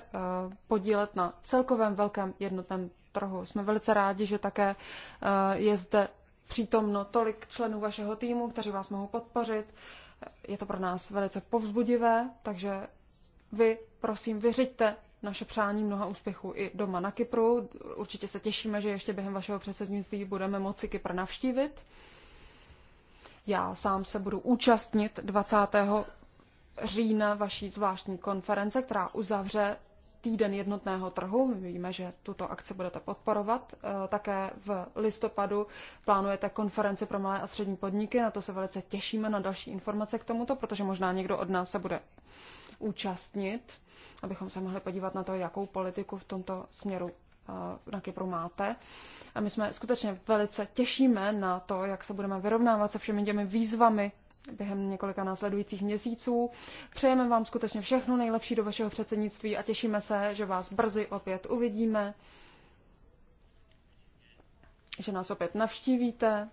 podílet na celkovém velkém jednotném trhu. Jsme velice rádi, že také eh, je zde přítomno tolik členů vašeho týmu, kteří vás mohou podpořit. Je to pro nás velice povzbudivé, takže vy, prosím, vyřiďte naše přání mnoha úspěchů i doma na Kypru. Určitě se těšíme, že ještě během vašeho předsednictví budeme moci Kypr navštívit. Já sám se budu účastnit 20 října vaší zvláštní konference, která uzavře týden jednotného trhu. My víme, že tuto akci budete podporovat. E, také v listopadu plánujete konferenci pro malé a střední podniky. Na to se velice těšíme na další informace k tomuto, protože možná někdo od nás se bude účastnit, abychom se mohli podívat na to, jakou politiku v tomto směru e, na Kypru máte. A my jsme skutečně velice těšíme na to, jak se budeme vyrovnávat se všemi těmi výzvami, během několika následujících měsíců. Přejeme vám skutečně všechno nejlepší do vašeho předsednictví a těšíme se, že vás brzy opět uvidíme, že nás opět navštívíte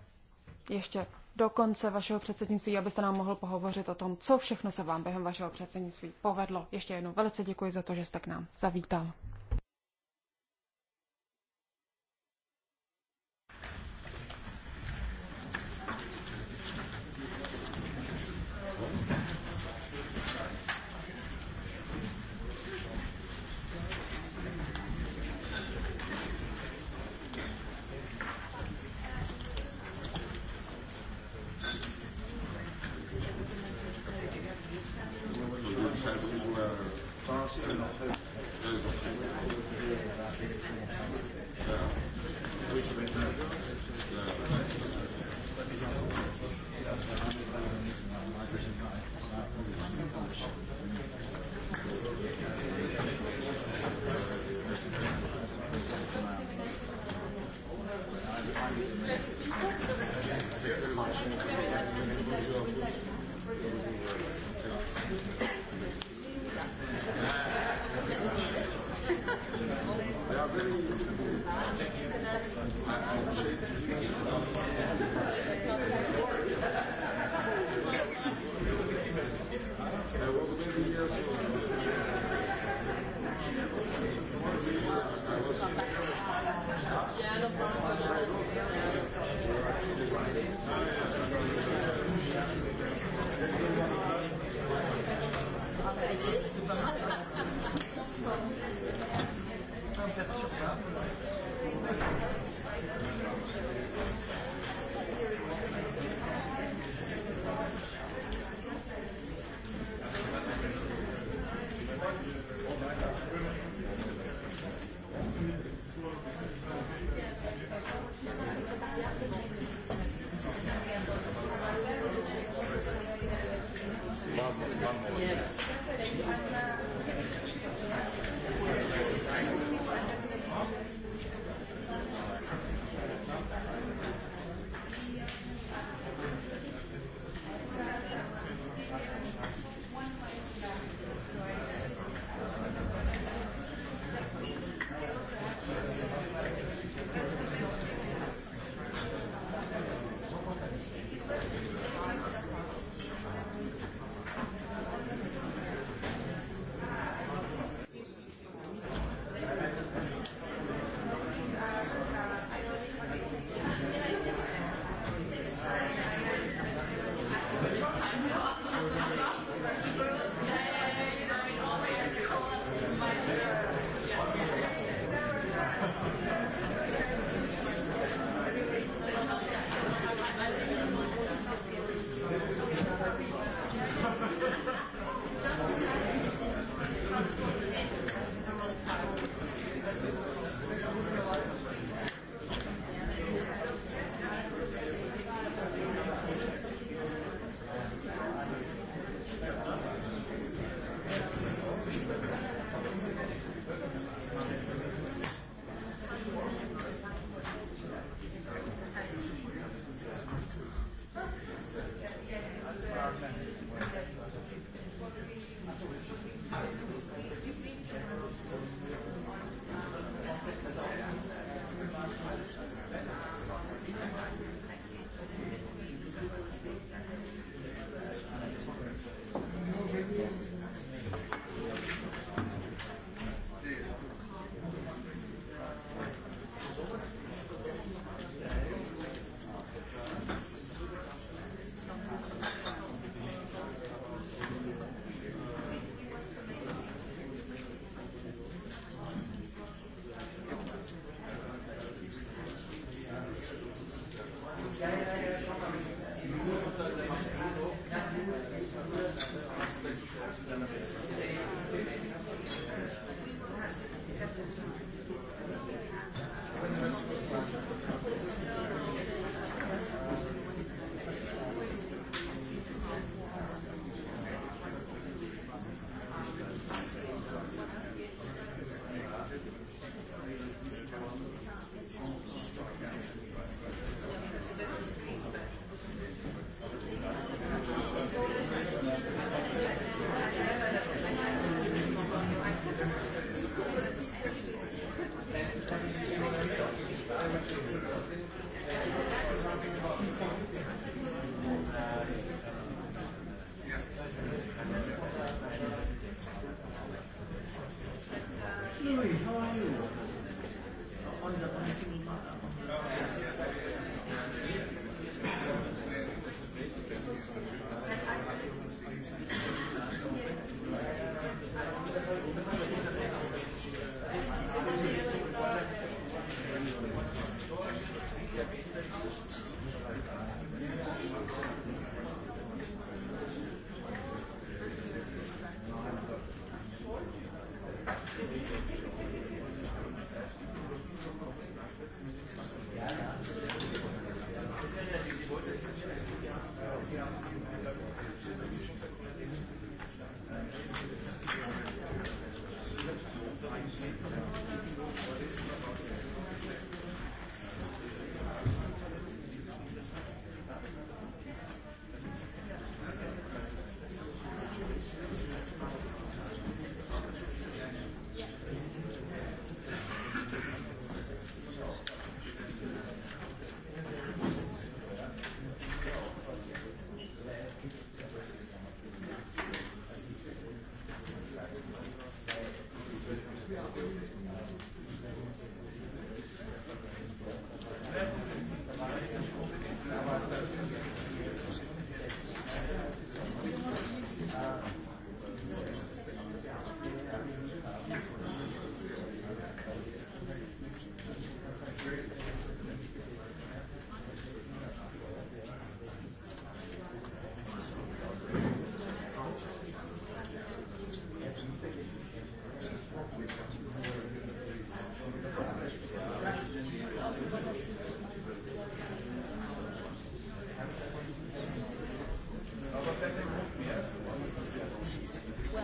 ještě do konce vašeho předsednictví, abyste nám mohl pohovořit o tom, co všechno se vám během vašeho předsednictví povedlo. Ještě jednou velice děkuji za to, že jste k nám zavítal.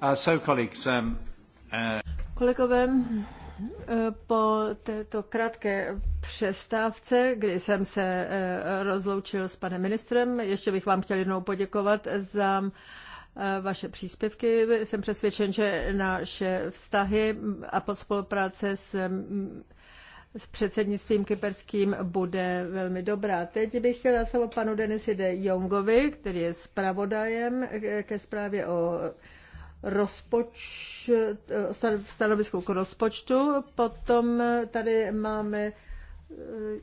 Uh, um, uh, Kolegové, eh, po této krátké přestávce, kdy jsem se eh, rozloučil s panem ministrem, ještě bych vám chtěl jednou poděkovat za eh, vaše příspěvky. Jsem přesvědčen, že naše vztahy a spolupráce s s předsednictvím kyperským bude velmi dobrá. Teď bych chtěla slovo panu Denisi de Jongovi, který je zpravodajem ke zprávě o rozpoč, eh, stanovisku k rozpočtu. Potom eh, tady máme, eh,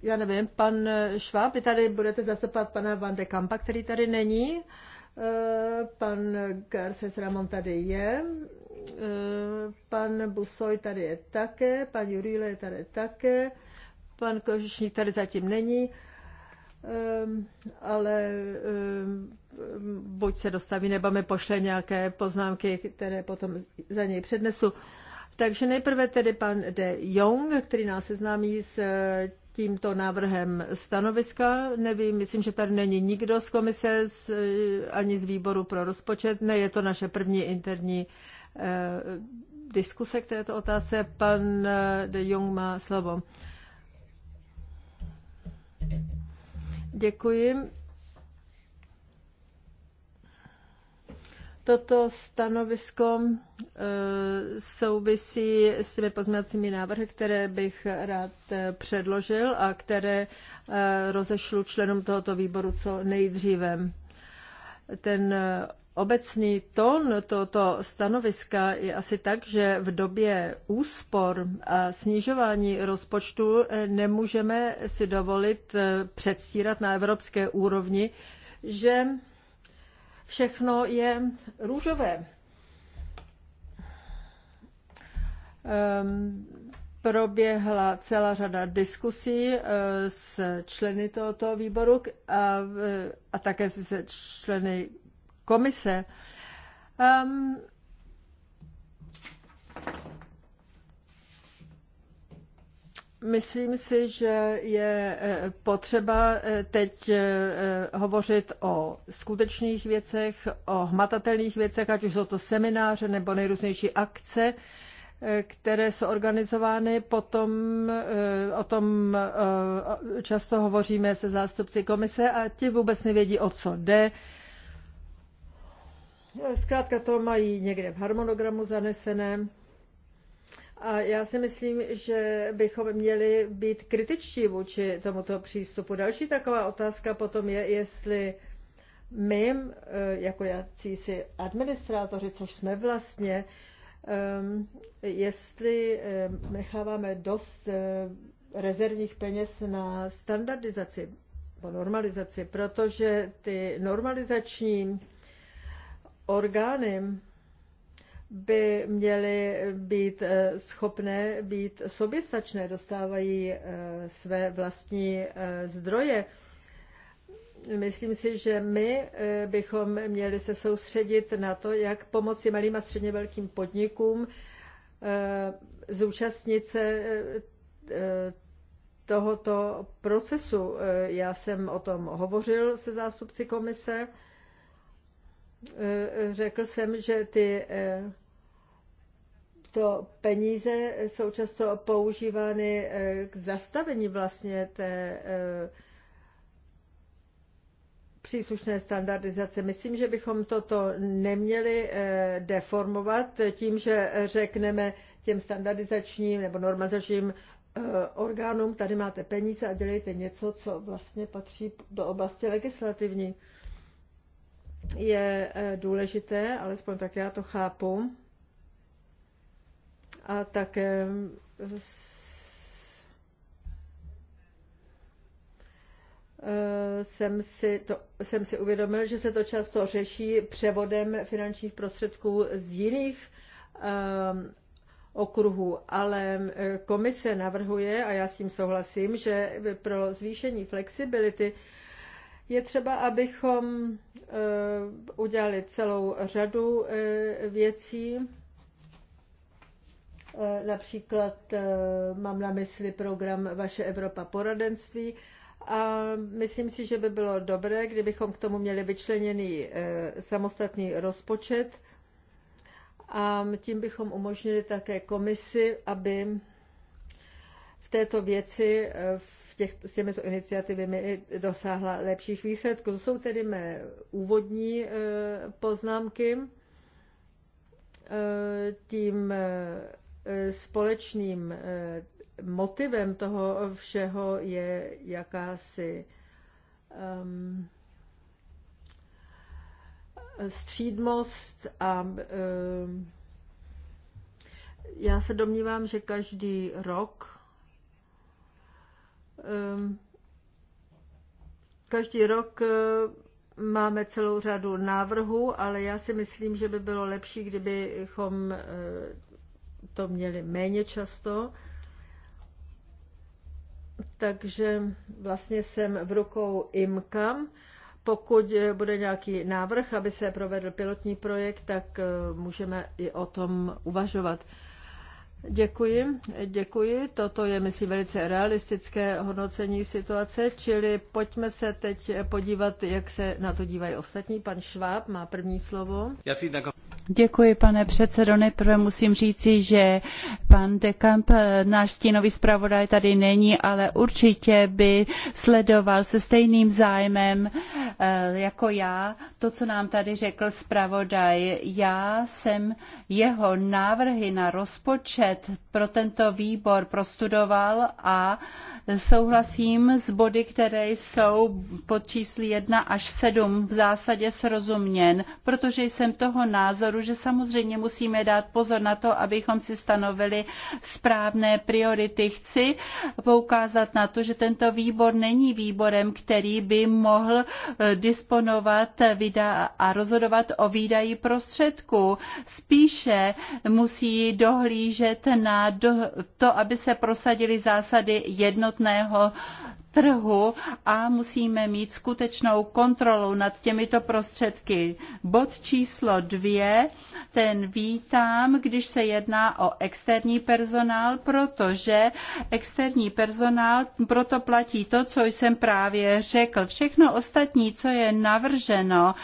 já nevím, pan Šváb, vy tady budete zastupovat pana Van de Kampa, který tady není. Pan Garces Ramon tady je. Pan Busoj tady je také, pan Juríle je tady také, pan Kožišník tady zatím není. Ehm, ale ehm, buď se dostaví, nebo mi pošle nějaké poznámky, které potom za něj přednesu. Takže nejprve tedy pan De Jong, který nás seznámí s eh, tímto návrhem stanoviska. Nevím, myslím, že tady není nikdo z komise z, eh, ani z výboru pro rozpočet. Ne, je to naše první interní uh, diskuse k této otázce. Pan De Jong má slovo. Uh, Děkuji. Toto stanovisko e, souvisí s těmi pozměňovacími návrhy, které bych rád e, předložil a které e, rozešlu členům tohoto výboru co nejdříve. Ten Obecný tón tohoto stanoviska je asi tak, že v době úspor a snižování rozpočtu eh, nemůžeme si dovolit eh, předstírat na evropské úrovni, že všechno je růžové. Ehm, proběhla celá řada diskusí eh, s členy tohoto výboru a, a také se členy komise. Um, Myslím si, že je eh, potřeba eh, teď eh, hovořit o skutečných věcech, o hmatatelných věcech, ať už jsou to semináře nebo nejrůznější akce, které jsou organizovány. Potom o tom často hovoříme se zástupci komise a ti vůbec nevědí, o co jde, No, zkrátka to mají někde v harmonogramu zaneseném. A já si myslím, že bychom měli být kritičtí vůči tomuto přístupu. Další taková otázka potom je, jestli my, eh, jako si administrátoři, což jsme vlastně, ehm, jestli ehm, necháváme dost eh, rezervních peněz na standardizaci nebo normalizaci, protože ty normalizační orgány by měly být eh, schopné být soběstačné, dostávají eh, své vlastní eh, zdroje. Myslím si, že my bychom měli se soustředit na to, jak pomoci malým a středně velkým podnikům zúčastnit se tohoto procesu. Já jsem o tom hovořil se zástupci komise. Eh, řekl jsem, že ty eh, to peníze jsou často používány eh, k zastavení vlastně té příslušné standardizace. Myslím, že bychom toto neměli deformovat tím, že řekneme těm standardizačním nebo normalizačním orgánům, tady máte peníze a dělejte něco, co vlastně patří do oblasti legislativní je eh, důležité, alespoň tak já to chápu, a také eh, jsem si, to, jsem si uvědomil, že se to často řeší převodem finančních prostředků z jiných um, okruhů, ale komise navrhuje, a já s tím souhlasím, že pro zvýšení flexibility uh, je třeba, abychom eh, udělali celou řadu eh, věcí. Eh, například mám na mysli program Vaše Evropa poradenství a myslím si, že by bylo dobré, kdybychom k tomu měli vyčleněný samostatný rozpočet a tím bychom umožnili také komisi, aby v této věci v těch, s těmito iniciativami dosáhla lepších výsledků. To jsou tedy mé úvodní eh, poznámky. Eh, tím eh, společným motivem toho všeho je jakási ehm, střídmost a ehm, já se domnívám, že každý rok Ehm, každý rok eh, máme celou řadu návrhů, ale já si myslím, že by bylo lepší, kdybychom eh, to měli méně často. Takže vlastně jsem v rukou IMKAM. Pokud eh, bude nějaký návrh, aby se provedl pilotní projekt, tak můžeme i o tom uvažovat. Děkuji, děkuji. Toto je, myslím, velice realistické hodnocení situace, čili pojďme se teď podívat, jak se na to dívají ostatní. Pan Šváb má první slovo. Děkuji, pane předsedo. Nejprve musím říci, že pan de Camp, náš stínový zpravodaj, tady není, ale určitě by sledoval se stejným zájmem eh, jako já to, co nám tady řekl zpravodaj. Já jsem jeho návrhy na rozpočet pro tento výbor prostudoval a Souhlasím s body, které jsou pod čísly 1 až 7 v zásadě srozuměn, protože jsem toho názoru, že samozřejmě musíme dát pozor na to, abychom si stanovili správné priority. Chci poukázat na to, že tento výbor není výborem, který by mohl eh, disponovat eh, a rozhodovat o výdaji prostředků. Spíše musí dohlížet na to, aby se prosadily zásady jednotnosti samotného trhu a musíme mít skutečnou kontrolu nad těmito prostředky. Bod číslo dvě, ten vítám, když se jedná o externí personál, protože externí personál proto platí to, co jsem právě řekl. Všechno ostatní, co je navrženo,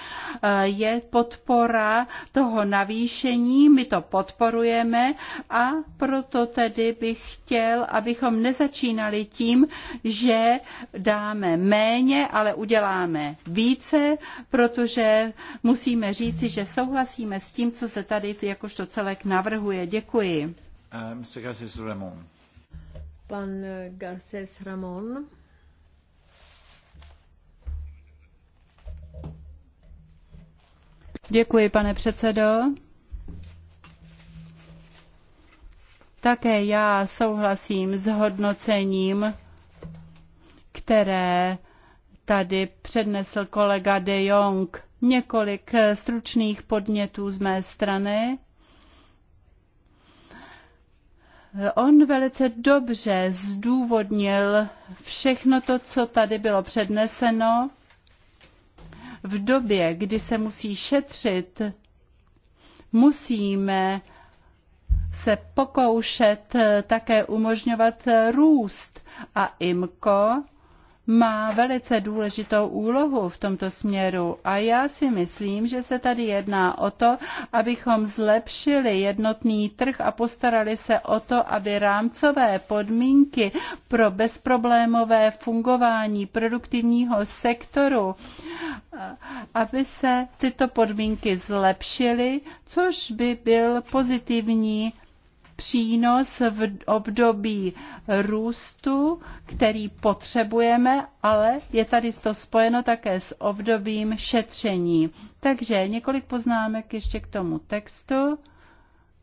eh, je podpora toho navýšení, my to podporujeme a proto tedy bych chtěl, abychom nezačínali tím, že dáme méně, ale uděláme více, protože musíme říci, že souhlasíme s tím, co se tady jakožto celek navrhuje. Děkuji. Eh, Mr. Garces Pan eh, Garces Ramon. Děkuji, pane předsedo. Také já souhlasím s hodnocením které tady přednesl kolega De Jong. Několik eh, stručných podnětů z mé strany. On velice dobře zdůvodnil všechno to, co tady bylo předneseno. V době, kdy se musí šetřit, musíme se pokoušet eh, také umožňovat eh, růst. A IMCO má velice důležitou úlohu v tomto směru a já si myslím, že se tady jedná o to, abychom zlepšili jednotný trh a postarali se o to, aby rámcové podmínky pro bezproblémové fungování produktivního sektoru, aby se tyto podmínky zlepšily, což by byl pozitivní přínos v období růstu, který potřebujeme, ale je tady to spojeno také s obdobím šetření. Takže několik poznámek ještě k tomu textu.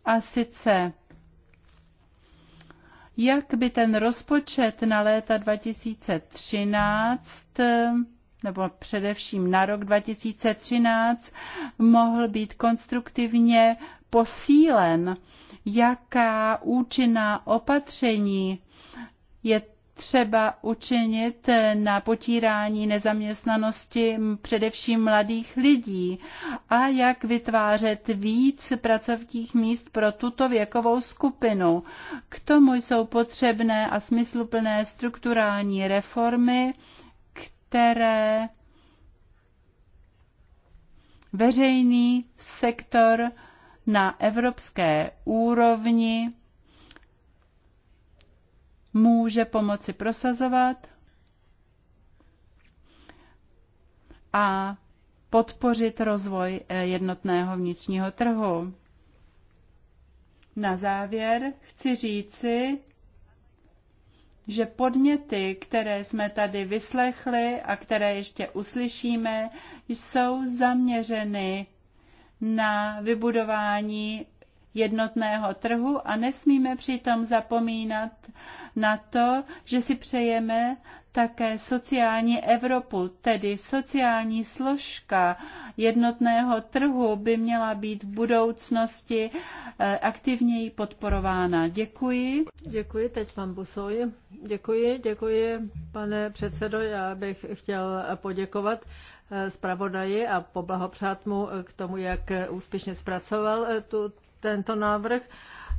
A sice jak by ten rozpočet na léta 2013 nebo především na rok 2013 mohl být konstruktivně posílen, jaká účinná opatření je třeba učinit na potírání nezaměstnanosti především mladých lidí a jak vytvářet víc pracovních míst pro tuto věkovou skupinu. K tomu jsou potřebné a smysluplné strukturální reformy, které veřejný sektor na evropské úrovni může pomoci prosazovat a podpořit rozvoj eh, jednotného vnitřního trhu. Na závěr chci říci, že podněty, které jsme tady vyslechli a které ještě uslyšíme, jsou zaměřeny na vybudování jednotného trhu a nesmíme přitom zapomínat na to, že si přejeme také sociální Evropu, tedy sociální složka jednotného trhu by měla být v budoucnosti eh, aktivněji podporována. Děkuji. Děkuji, teď pan Busoj. Děkuji, děkuji, pane předsedo. Já bych chtěl poděkovat zpravodaji a poblahopřát mu k tomu, jak úspěšně zpracoval eh, tu, tento návrh.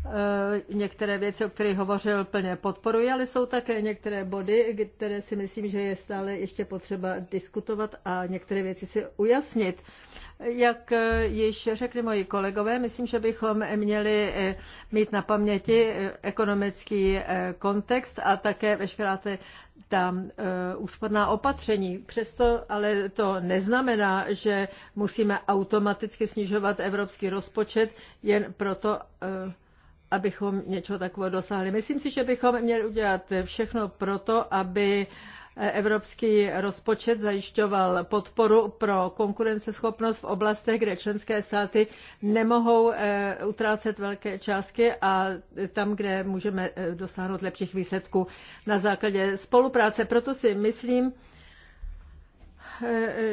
Eh, některé věci, o kterých hovořil, plně podporuji, ale jsou také některé body, které si myslím, že je stále ještě potřeba diskutovat a některé věci si ujasnit. Jak eh, již řekli moji kolegové, myslím, že bychom měli mít na paměti ekonomický kontext a také veškerá ta eh, úsporná opatření. Přesto ale to neznamená, že musíme automaticky snižovat evropský rozpočet jen proto, eh, abychom něčeho takového dosáhli. Myslím si, že bychom měli udělat všechno proto, aby Evropský rozpočet zajišťoval podporu pro konkurenceschopnost v oblastech, kde členské státy nemohou eh, utrácet velké částky a tam, kde můžeme eh, dosáhnout lepších výsledků na základě spolupráce. Proto si myslím,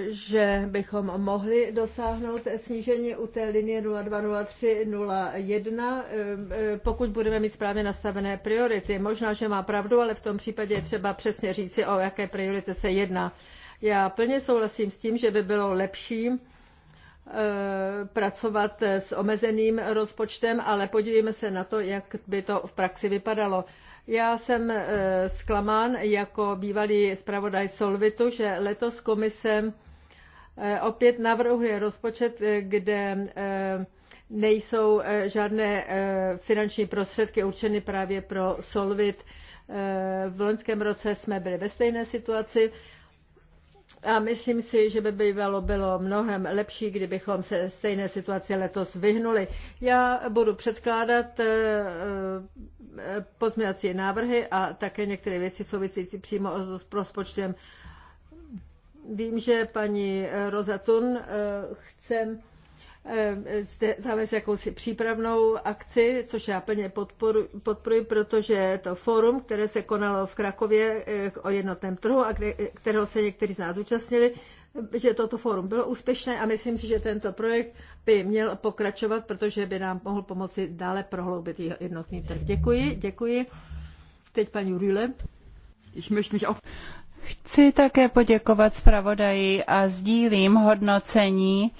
že bychom mohli dosáhnout snížení u té linie 020301, eh, eh, pokud budeme mít správně nastavené priority. Možná, že má pravdu, ale v tom případě je třeba přesně říci, o jaké priority se jedná. Já plně souhlasím s tím, že by bylo lepší eh, pracovat s omezeným rozpočtem, ale podívejme se na to, jak by to v praxi vypadalo. Já jsem e, zklamán jako bývalý zpravodaj Solvitu, že letos komise e, opět navrhuje rozpočet, e, kde nejsou žádné finanční prostředky určeny právě pro Solvit. V loňském roce jsme byli ve stejné situaci. A myslím si, že by bývalo bylo mnohem lepší, kdybychom se stejné situaci letos vyhnuli. Já budu předkládat eh, eh, pozměňovací návrhy a také některé věci související přímo s rozpočtem. Vím, že paní Rozatun eh, chce Eh, zde zavést jakousi přípravnou akci, což já plně podporuji, protože to fórum, které se konalo v Krakově eh, o jednotném trhu a kde, eh, kterého se někteří z nás účastnili, že toto fórum bylo úspěšné a myslím si, že tento projekt by měl pokračovat, protože by nám mohl pomoci dále prohloubit jednotný trh. Děkuji, děkuji. Teď paní Rühle. Chci také poděkovat zpravodaji a sdílím hodnocení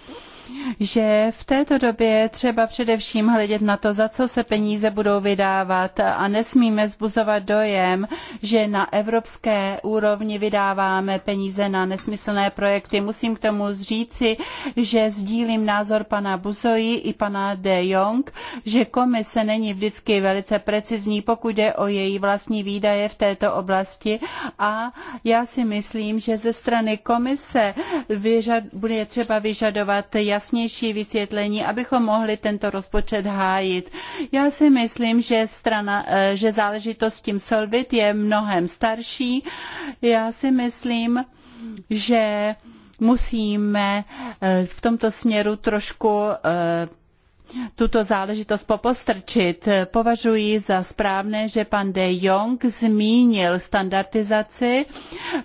že v této době třeba především hledět na to, za co se peníze budou vydávat a nesmíme zbuzovat dojem, že na evropské úrovni vydáváme peníze na nesmyslné projekty. Musím k tomu říci, že sdílím názor pana Buzoji i pana De Jong, že komise není vždycky velice precizní, pokud jde o její vlastní výdaje v této oblasti a já si myslím, že ze strany komise vyžad, bude třeba vyžadovat jasný jasnější vysvětlení, abychom mohli tento rozpočet hájit. Já si myslím, že, strana, eh, že záležitost s tím Solvit je mnohem starší. Já si myslím, že musíme eh, v tomto směru trošku eh, tuto záležitost popostrčit. Považuji za správné, že pan De Jong zmínil standardizaci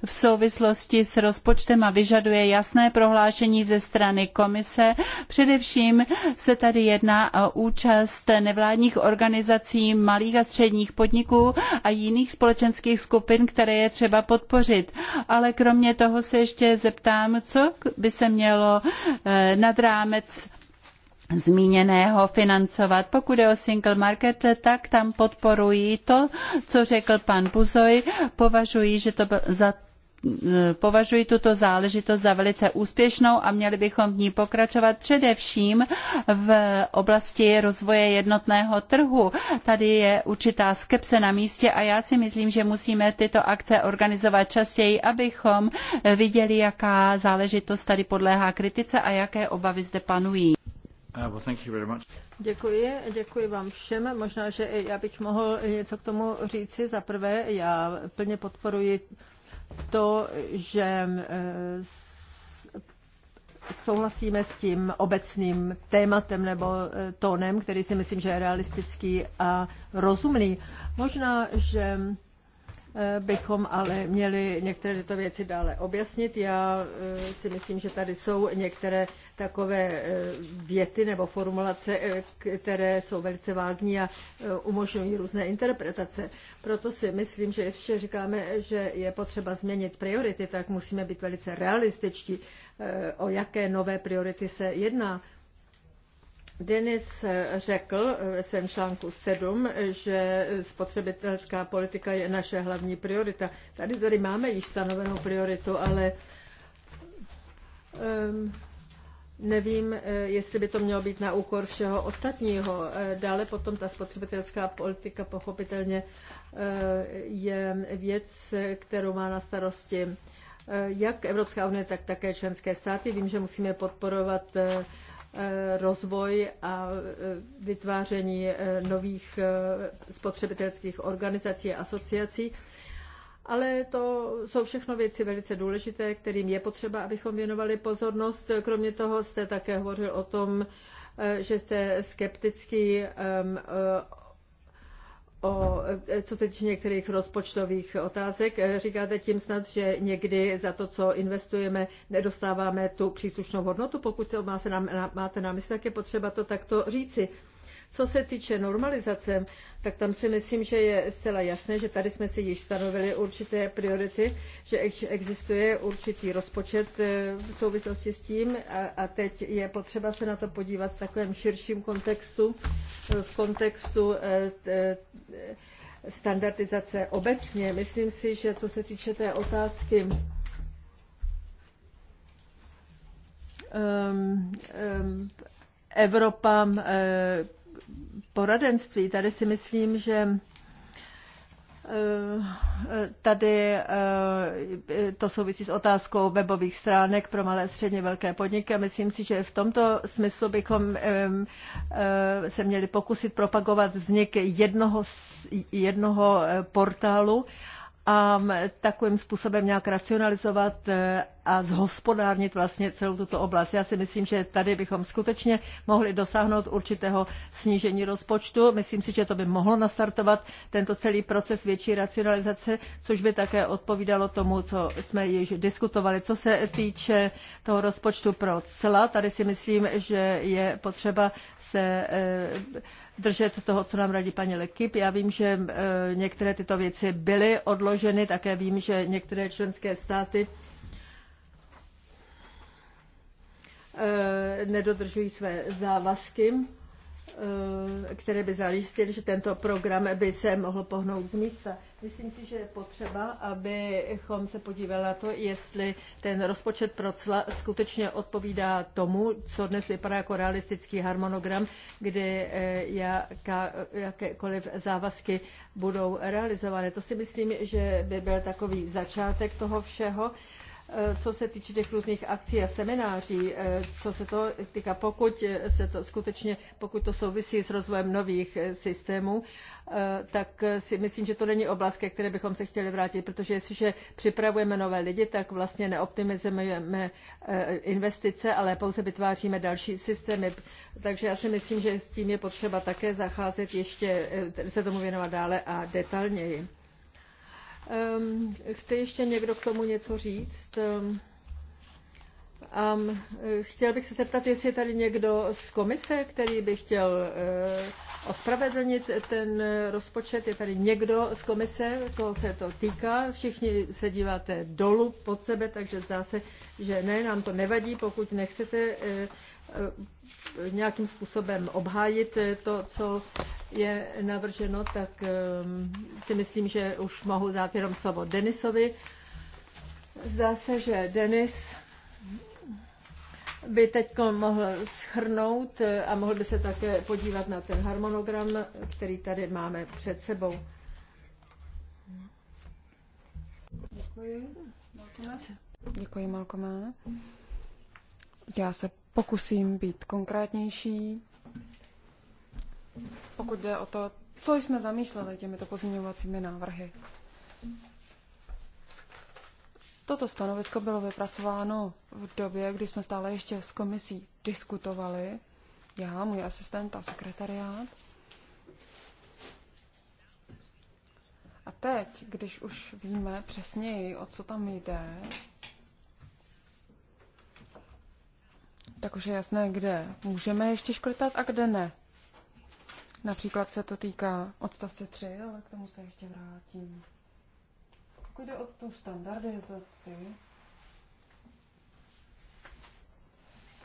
v souvislosti s rozpočtem a vyžaduje jasné prohlášení ze strany komise. Především se tady jedná o účast nevládních organizací, malých a středních podniků a jiných společenských skupin, které je třeba podpořit. Ale kromě toho se ještě zeptám, co by se mělo eh, nad rámec zmíněného financovat. Pokud je o single market, tak tam podporuji to, co řekl pan Buzoj. považuji, že to byl za považuji tuto záležitost za velice úspěšnou a měli bychom v ní pokračovat především v oblasti rozvoje jednotného trhu. Tady je určitá skepse na místě a já si myslím, že musíme tyto akce organizovat častěji, abychom viděli, jaká záležitost tady podléhá kritice a jaké obavy zde panují. Uh, děkuji, děkuji vám všem. Možná, že já bych mohl něco k tomu říci. Za prvé, já plně podporuji to, že uh, souhlasíme s tím obecným tématem nebo uh, tónem, který si myslím, že je realistický a rozumný. Možná, že Eh, bychom ale měli některé tyto věci dále objasnit. Já eh, si myslím, že tady jsou některé takové eh, věty nebo formulace, které jsou velice vágní a umožňují různé interpretace. Proto si myslím, že jestliže říkáme, že je potřeba změnit priority, tak musíme být velice realističtí, o jaké nové priority se jedná. Denis řekl ve svém článku 7, že spotřebitelská politika je naše hlavní priorita. Tady tady máme již stanovenou prioritu, ale um, nevím, eh, jestli by to mělo být na úkor všeho ostatního. Eh, dále potom ta spotřebitelská politika pochopitelně eh, je věc, kterou má na starosti jak Evropská unie, tak také členské státy. Vím, že musíme podporovat Eh, rozvoj a eh, vytváření eh, nových spotřebitelských organizací a asociací. Ale to jsou všechno věci velice důležité, kterým je potřeba, abychom věnovali pozornost. Kromě toho jste také hovořil o tom, že jste skeptický o, e, co se týče některých rozpočtových otázek. E, říkáte tím snad, že někdy za to, co investujeme, nedostáváme tu příslušnou hodnotu. Pokud se má se nám, máte na mysli, tak je potřeba to takto říci. Co se týče normalizace, tak tam si myslím, že je zcela jasné, že tady jsme si již stanovili určité priority, že existuje určitý rozpočet e, v souvislosti s tím a, a teď je potřeba se na to podívat v takovém širším kontextu, e, v kontextu e, standardizace obecně. Myslím si, že co se týče té otázky ehm, ehm, Evropa poradenství. Tady si myslím, že eh, Tady eh, to souvisí s otázkou webových stránek pro malé a středně velké podniky a myslím si, že v tomto smyslu bychom eh, se měli pokusit propagovat vznik jednoho, jednoho portálu a takovým způsobem nějak racionalizovat eh, a zhospodárnit vlastně celou tuto oblast. Já si myslím, že tady bychom skutečně mohli dosáhnout určitého snížení rozpočtu. Myslím si, že to by mohlo nastartovat tento celý proces větší racionalizace, což by také odpovídalo tomu, co jsme již diskutovali. Co se týče toho rozpočtu pro cla, tady si myslím, že je potřeba se eh, držet toho, co nám radí paní Lekip. Já vím, že eh, některé tyto věci byly odloženy, také vím, že některé členské státy eh, nedodržují své závazky. Eh, které by zajistily, že tento program by se mohl pohnout z místa. Myslím si, že je potřeba, abychom se podívali na to, jestli ten rozpočet pro cla skutečně odpovídá tomu, co dnes vypadá jako realistický harmonogram, kdy eh, jaká, jakékoliv závazky budou realizovány. To si myslím, že by byl takový začátek toho všeho. Eh, co se týče těch různých akcí a semináří, eh, co se to týká, pokud se to skutečně, pokud to souvisí s rozvojem nových eh, systémů, tak si myslím, že to není oblast, ke které bychom se chtěli vrátit, protože jestliže připravujeme nové lidi, tak vlastně neoptimizujeme investice, ale pouze vytváříme další systémy. Takže já si myslím, že s tím je potřeba také zacházet ještě, se tomu věnovat dále a detailněji. Um, chce ještě někdo k tomu něco říct? Um, chtěl bych se zeptat, jestli je tady někdo z komise, který by chtěl uh, ospravedlnit ten rozpočet. Je tady někdo z komise, koho se to týká. Všichni se díváte dolů pod sebe, takže zdá se, že ne, nám to nevadí, pokud nechcete. Uh, Eh, nějakým způsobem obhájit eh, to, co je navrženo, tak ehm, si myslím, že už mohu dát jenom slovo Denisovi. Zdá se, že Denis by teď mohl schrnout eh, a mohl by se také podívat na ten harmonogram, který tady máme před sebou. Děkuji. Malcolme. Děkuji, Malcolme. Já se pokusím být konkrétnější. Pokud jde o to, co jsme zamýšleli těmito pozměňovacími návrhy. Toto stanovisko bylo vypracováno v době, kdy jsme stále ještě s komisí diskutovali, já, můj asistent a sekretariát. A teď, když už víme přesněji, o co tam jde, tak už je jasné, kde můžeme ještě škrtat a kde ne. Například se to týká odstavce 3, ale k tomu se ještě vrátím. Pokud jde o tu standardizaci,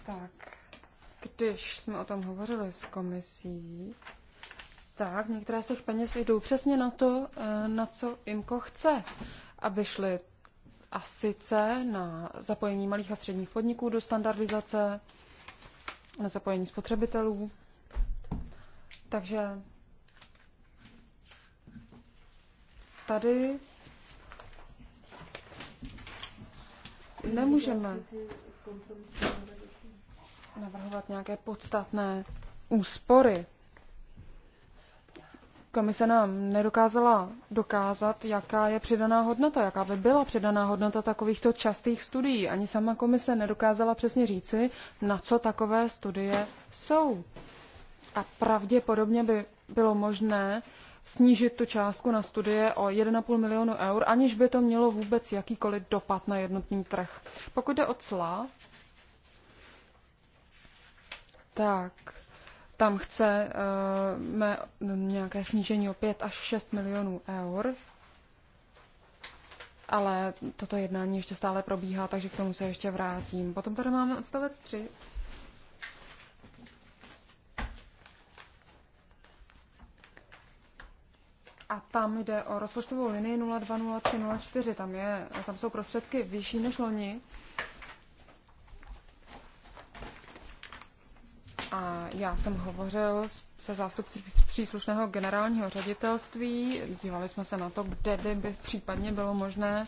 tak když jsme o tom hovořili s komisí, tak některé z těch peněz jdou přesně na to, eh, na co IMKO chce, aby šly a sice na zapojení malých a středních podniků do standardizace, na zapojení spotřebitelů. Takže tady nemůžeme navrhovat nějaké podstatné úspory. Komise nám nedokázala dokázat, jaká je přidaná hodnota, jaká by byla přidaná hodnota takovýchto častých studií. Ani sama komise nedokázala přesně říci, na co takové studie jsou. A pravděpodobně by bylo možné snížit tu částku na studie o 1,5 milionu eur, aniž by to mělo vůbec jakýkoliv dopad na jednotný trh. Pokud jde o cla, tak tam chceme nějaké snížení o 5 až 6 milionů eur, ale toto jednání ještě stále probíhá, takže k tomu se ještě vrátím. Potom tady máme odstavec 3. A tam jde o rozpočtovou linii 020304. Tam, je, tam jsou prostředky vyšší než loni. A já jsem hovořil se zástupci příslušného generálního ředitelství, dívali jsme se na to, kde by, by případně bylo možné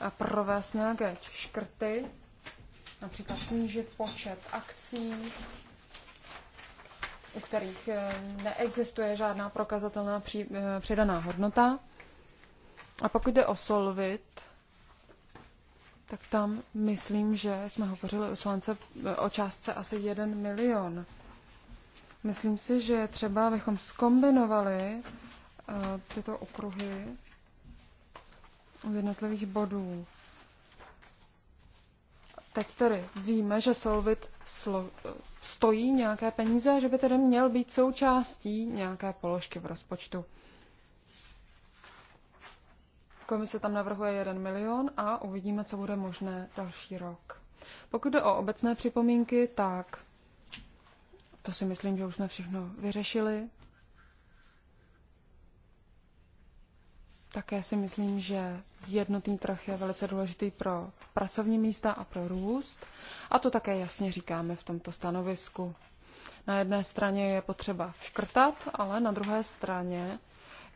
eh, provést nějaké škrty, například snížit počet akcí, u kterých eh, neexistuje žádná prokazatelná eh, přidaná hodnota. A pokud jde o Solvit, tak tam myslím, že jsme hovořili o, slance, o částce asi 1 milion. Myslím si, že třeba bychom skombinovali eh, tyto okruhy u jednotlivých bodů. Teď tedy víme, že Solvit stojí nějaké peníze že by tedy měl být součástí nějaké položky v rozpočtu. Komise tam navrhuje 1 milion a uvidíme, co bude možné další rok. Pokud jde o obecné připomínky, tak to si myslím, že už jsme všechno vyřešili. Také si myslím, že jednotný trh je velice důležitý pro pracovní místa a pro růst. A to také jasně říkáme v tomto stanovisku. Na jedné straně je potřeba škrtat, ale na druhé straně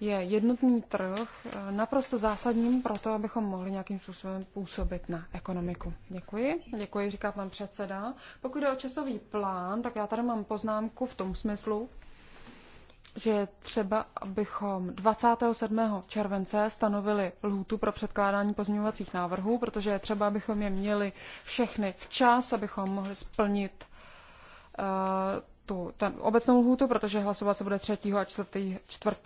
je jednotný trh eh, naprosto zásadním pro to, abychom mohli nějakým způsobem působit na ekonomiku. Děkuji. Děkuji, říká pan předseda. Pokud jde o časový plán, tak já tady mám poznámku v tom smyslu, že třeba, abychom 27. července stanovili lhůtu pro předkládání pozměňovacích návrhů, protože je třeba, abychom je měli všechny včas, abychom mohli splnit uh, tu ten obecnou lhůtu, protože hlasovat se bude 3. a 4. 4.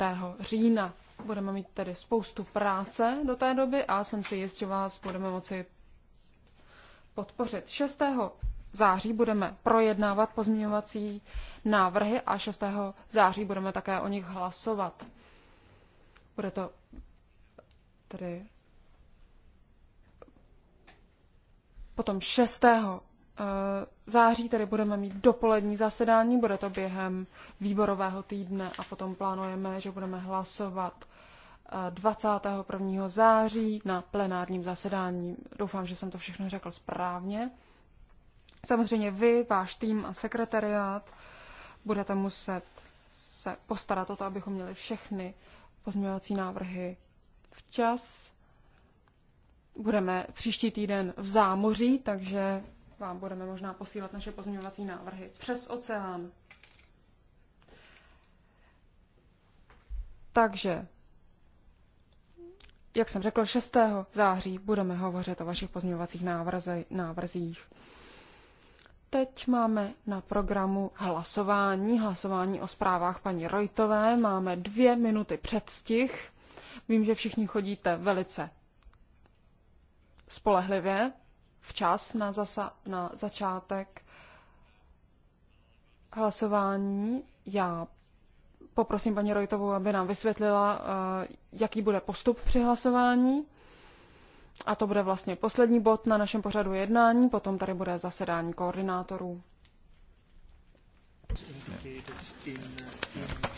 října. Budeme mít tedy spoustu práce do té doby a jsem si jist, že vás budeme moci podpořit. 6. září budeme projednávat pozměňovací návrhy a 6. září budeme také o nich hlasovat. Bude to tedy potom 6. Eh, září tedy budeme mít dopolední zasedání, bude to během výborového týdne a potom plánujeme, že budeme hlasovat 21. Eh, září na plenárním zasedání. Doufám, že jsem to všechno řekl správně. Samozřejmě vy, váš tým a sekretariát budete muset se postarat o to, abychom měli všechny pozměňovací návrhy včas. Budeme příští týden v zámoří, takže vám budeme možná posílat naše pozměňovací návrhy přes oceán. Takže, jak jsem řekl, 6. září budeme hovořit o vašich pozměňovacích návrzích. Teď máme na programu hlasování, hlasování o zprávách paní Rojtové. Máme dvě minuty předstih. Vím, že všichni chodíte velice spolehlivě, včas na, zasa, na začátek hlasování. Já poprosím paní Rojtovou, aby nám vysvětlila, eh, jaký bude postup při hlasování. A to bude vlastně poslední bod na našem pořadu jednání, potom tady bude zasedání koordinátorů. Yeah.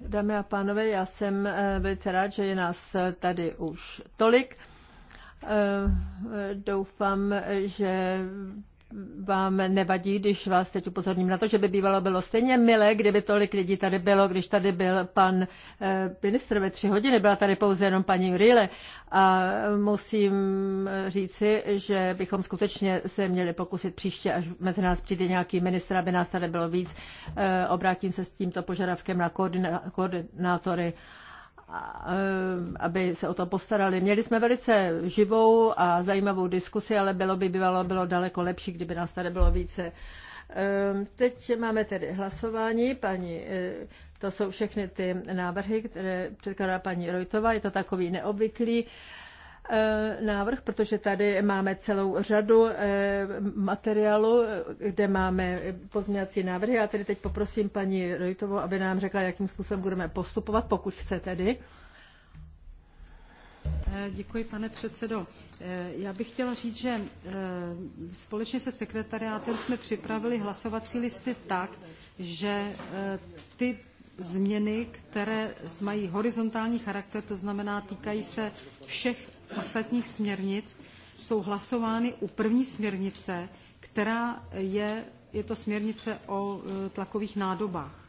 Dámy a pánové, já jsem eh, velice rád, že je nás eh, tady už tolik. Eh, doufám, že vám nevadí, když vás teď upozorním na to, že by bývalo bylo stejně milé, kdyby tolik lidí tady bylo, když tady byl pan eh, ministr ve tři hodiny, byla tady pouze jenom paní Rile. A musím říci, že bychom skutečně se měli pokusit příště, až mezi nás přijde nějaký ministr, aby nás tady bylo víc. Eh, obrátím se s tímto požadavkem na koordinátory. Eh, aby se o to postarali. Měli jsme velice živou a zajímavou diskusi, ale bylo by bývalo bylo daleko lepší, kdyby nás tady bylo více. Eh, teď máme tedy hlasování. Paní, eh, to jsou všechny ty návrhy, které předkládá paní Rojtová. Je to takový neobvyklý Eh, návrh, protože tady máme celou řadu eh, materiálu, eh, kde máme pozměňovací návrhy. Já tedy teď poprosím paní Rojtovou, aby nám řekla, jakým způsobem budeme postupovat, pokud chce tedy. Děkuji, pane předsedo. Já bych chtěla říct, že společně se sekretariátem jsme připravili hlasovací listy tak, že ty změny, které mají horizontální charakter, to znamená týkají se všech ostatních směrnic jsou hlasovány u první směrnice, která je, je to směrnice o e, tlakových nádobách.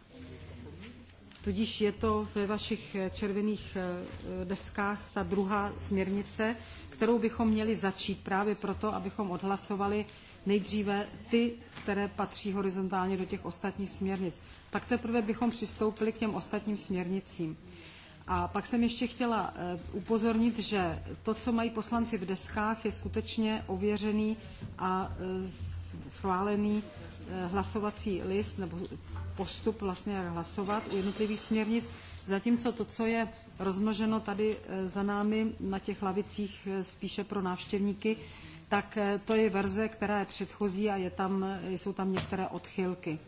Tudíž je to ve vašich e, červených e, deskách ta druhá směrnice, kterou bychom měli začít právě proto, abychom odhlasovali nejdříve ty, které patří horizontálně do těch ostatních směrnic. Pak teprve bychom přistoupili k těm ostatním směrnicím. A pak jsem ještě chtěla eh, upozornit, že to, co mají poslanci v deskách, je skutečně ověřený a eh, schválený eh, hlasovací list nebo postup vlastně, jak hlasovat u jednotlivých směrnic, zatímco to, co je rozmnoženo tady za námi na těch lavicích spíše pro návštěvníky, tak to je verze, která je předchozí a je tam, jsou tam některé odchylky.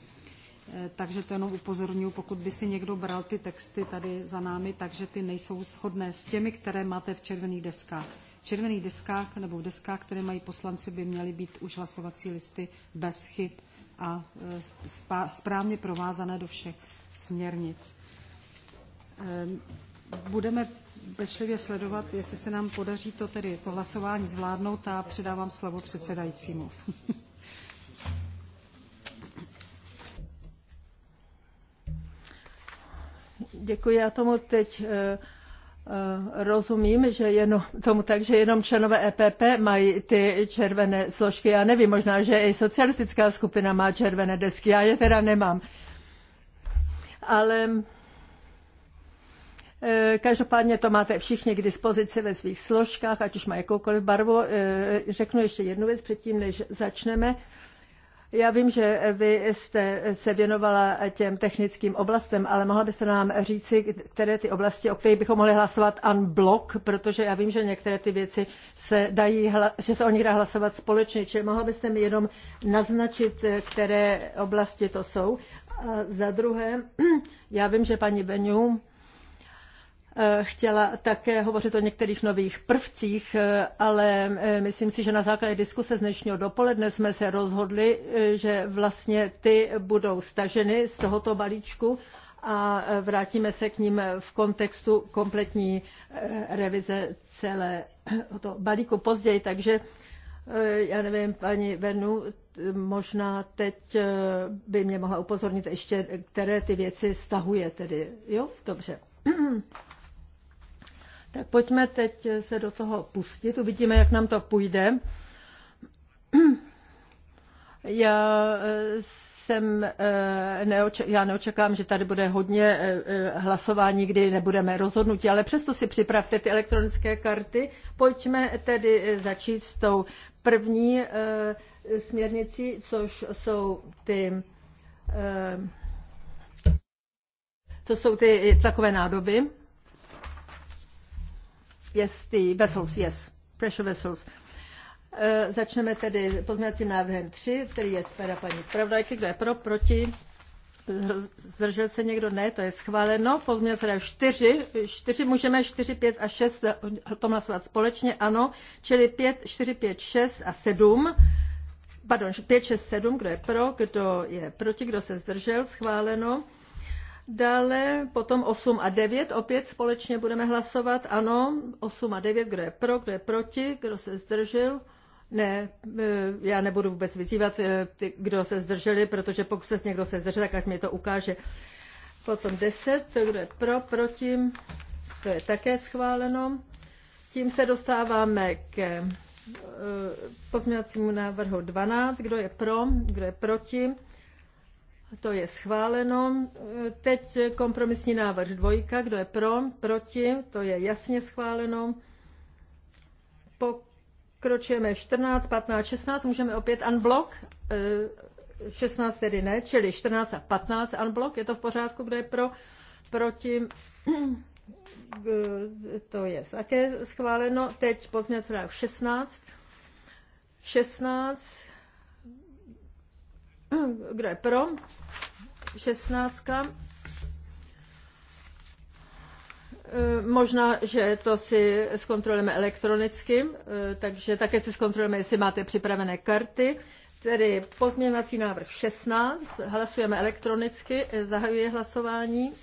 Eh, takže to jenom upozorňuji, pokud by si někdo bral ty texty tady za námi, takže ty nejsou shodné s těmi, které máte v červených deskách. V červených deskách nebo v deskách, které mají poslanci, by měly být už hlasovací listy bez chyb a eh, správně provázané do všech směrnic. Ehm, budeme pečlivě sledovat, jestli se nám podaří to tedy to hlasování zvládnout a předávám slovo předsedajícímu. Děkuji, já tomu teď eh, eh, rozumím, že jenom tomu tak, že jenom členové EPP mají ty červené složky. Já nevím, možná, že i socialistická skupina má červené desky, já je teda nemám. Ale eh, Každopádně to máte všichni k dispozici ve svých složkách, ať už má jakoukoliv barvu. Řeknu ještě jednu věc předtím, než začneme. Já vím, že vy jste se věnovala těm technickým oblastem, ale mohla byste nám říci, které ty oblasti, o kterých bychom mohli hlasovat unblock, protože já vím, že některé ty věci se dají, že se o nich dá hlasovat společně, čili mohla byste mi jenom naznačit, které oblasti to jsou. A za druhé, já vím, že paní Benu Eh, chtěla také hovořit o některých nových prvcích, eh, ale eh, myslím si, že na základě diskuse z dnešního dopoledne jsme se rozhodli, že vlastně ty budou staženy z tohoto balíčku a vrátíme se k ním v kontextu kompletní revize celého balíku později. Takže já nevím, paní Venu, možná teď by mě mohla upozornit ještě, které ty věci stahuje tedy. Jo, dobře. Tak pojďme teď se do toho pustit, uvidíme, jak nám to půjde. Já eh, jsem, eh, já neočekám, že tady bude hodně eh, hlasování, kdy nebudeme rozhodnutí, ale přesto si připravte ty elektronické karty. Pojďme tedy začít s tou první směrnicí, což jsou ty co jsou ty takové nádoby. Yes, the vessels, yes. Pressure vessels. Uh, Začneme tedy pozměňovacím návrhem 3, který je z paní zpravodajky. Kdo je pro, proti? Zdržel se někdo? Ne, to je schváleno. Pozměňovací návrh 4, 4 můžeme 4, 5 a 6 o tom hlasovat společně, ano. Čili 5, 4, 5, 6 a 7. Pardon, 5, 6, 7, kdo je pro, kdo je proti, kdo se zdržel, schváleno. Dále potom 8 a 9, opět společně budeme hlasovat. Ano, 8 a 9, kdo je pro, kdo je proti, kdo se zdržel. Ne, e, já nebudu vůbec vyzývat, e, kdo se zdrželi, protože pokud se někdo se zdržel, tak ať mi to ukáže. Potom 10, kdo je pro, proti, to je také schváleno. Tím se dostáváme k e, pozměňovacímu návrhu 12, kdo je pro, kdo je proti, to je schváleno. Teď kompromisní návrh dvojka. Kdo je pro? Proti? To je jasně schváleno. Pokročujeme 14, 15, 16. Můžeme opět unblock. 16 eh, tedy ne, čili 14 a 15 unblock. Je to v pořádku, kdo je pro? Proti? Eh, to je také schváleno. Teď pozměňovací návrh 16. 16. Kdo je pro? 16. E, možná, že to si zkontrolujeme elektronicky, e, takže také si zkontrolujeme, jestli máte připravené karty. Tedy pozměňovací návrh 16, hlasujeme elektronicky, e, zahajuji hlasování.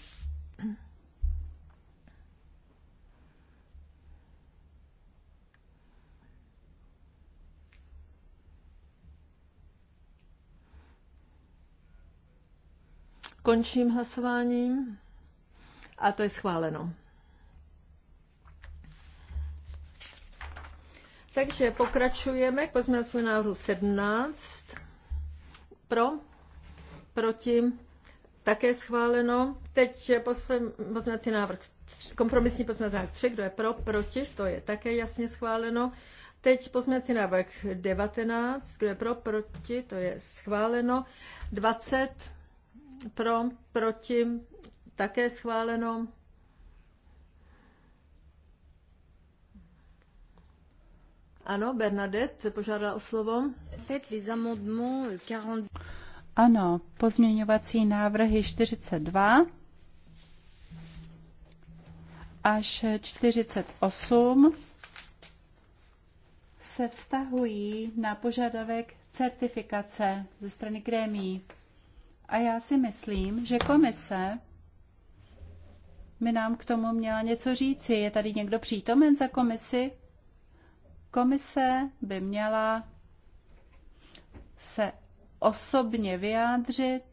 Končím hlasováním a to je schváleno. Takže pokračujeme k pozměnacímu návrhu 17. Pro, proti, také schváleno. Teď pozměnací návrh, kompromisní pozměnací návrh 3, kdo je pro, proti, to je také jasně schváleno. Teď pozměnací návrh 19, kdo je pro, proti, to je schváleno. 20 pro, proti, také schváleno. Ano, Bernadette požádala o slovo. Euh, ano, pozměňovací návrhy 42 až 48 se vztahují na požadavek certifikace ze strany grémí. A já si myslím, že komise mi nám k tomu měla něco říci. Je tady někdo přítomen za komisi? Komise by měla se osobně vyjádřit,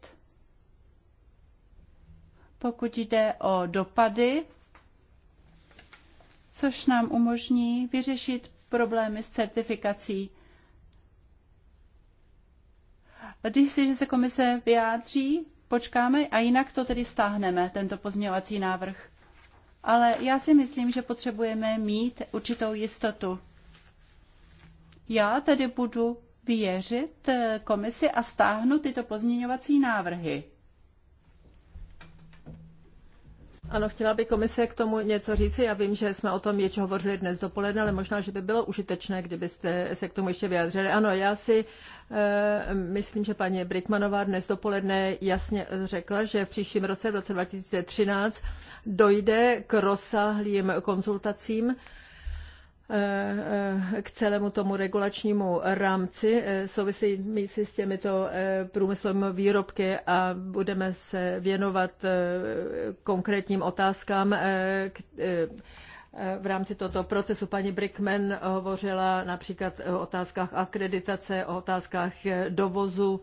pokud jde o dopady, což nám umožní vyřešit problémy s certifikací. Jestliže se komise vyjádří, počkáme a jinak to tedy stáhneme, tento pozměňovací návrh. Ale já si myslím, že potřebujeme mít určitou jistotu. Já tedy budu věřit eh, komisi a stáhnu tyto pozměňovací návrhy. Ano, chtěla by komise k tomu něco říci. Já vím, že jsme o tom něco hovořili dnes dopoledne, ale možná, že by bylo užitečné, kdybyste se k tomu ještě vyjádřili. Ano, já si e, myslím, že paní Brickmanová dnes dopoledne jasně řekla, že v příštím roce, v roce 2013, dojde k rozsáhlým konzultacím Eh, eh, k celému tomu regulačnímu rámci eh, související s těmito průmyslovými výrobky a budeme se věnovat konkrétním otázkám v rámci tohoto procesu. Paní Brickman hovořila například o otázkách akreditace, o otázkách dovozu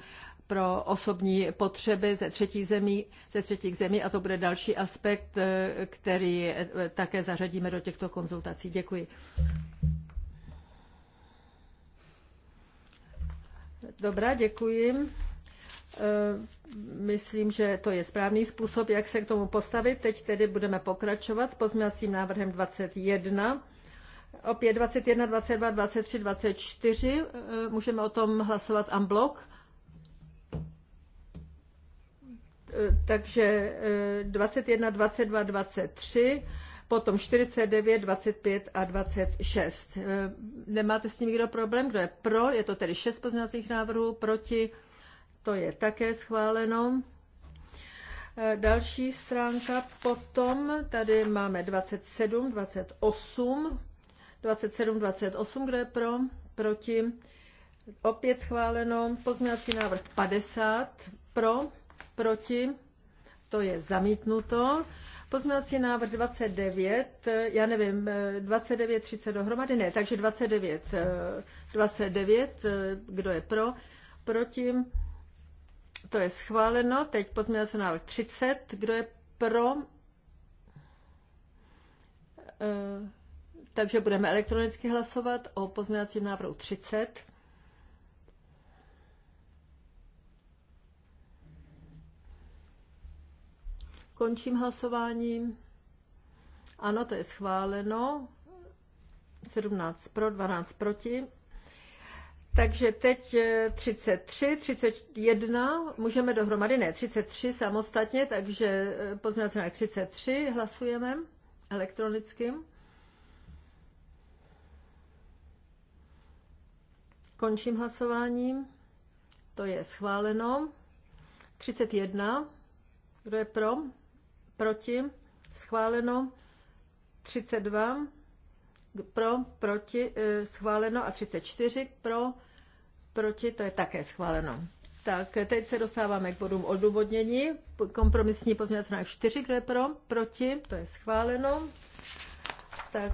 pro osobní potřeby ze třetích zemí, ze třetích zemí a to bude další aspekt, eh, který eh, také zařadíme do těchto konzultací. Děkuji. Dobrá, děkuji. Eh, myslím, že to je správný způsob, jak se k tomu postavit. Teď tedy budeme pokračovat pozměňovacím návrhem 21. Opět 21, 22, 23, 24. Můžeme o tom hlasovat en bloc. Eh, takže 21, 22, 23, potom 49, 25 a 26. Eh, nemáte s tím nikdo problém? Kdo je pro? Je to tedy 6 pozměňovacích návrhů, proti? To je také schváleno. Eh, další stránka potom, tady máme 27, 28, 27, 28, kde je pro, proti, opět schváleno, pozměňovací návrh 50, pro, proti, to je zamítnuto. Pozměňovací návrh 29, já nevím, 29, 30 dohromady, ne, takže 29, 29, kdo je pro, proti, to je schváleno. Teď pozměňovací návrh 30, kdo je pro, eh, takže budeme elektronicky hlasovat o pozměňovacím návrhu 30. Končím hlasování. Ano, to je schváleno. 17 pro, 12 proti. Takže teď 33, eh, 31, můžeme dohromady, ne, 33 samostatně, takže poznáte na 33, hlasujeme elektronicky. Končím hlasováním. To je schváleno. 31. Kdo je pro? proti, schváleno, 32 pro, proti, e, schváleno a 34 pro, proti, to je také schváleno. Tak teď se dostáváme k bodům odůvodnění. Kompromisní pozměňovací návrh 4, kde je pro, proti, to je schváleno. Tak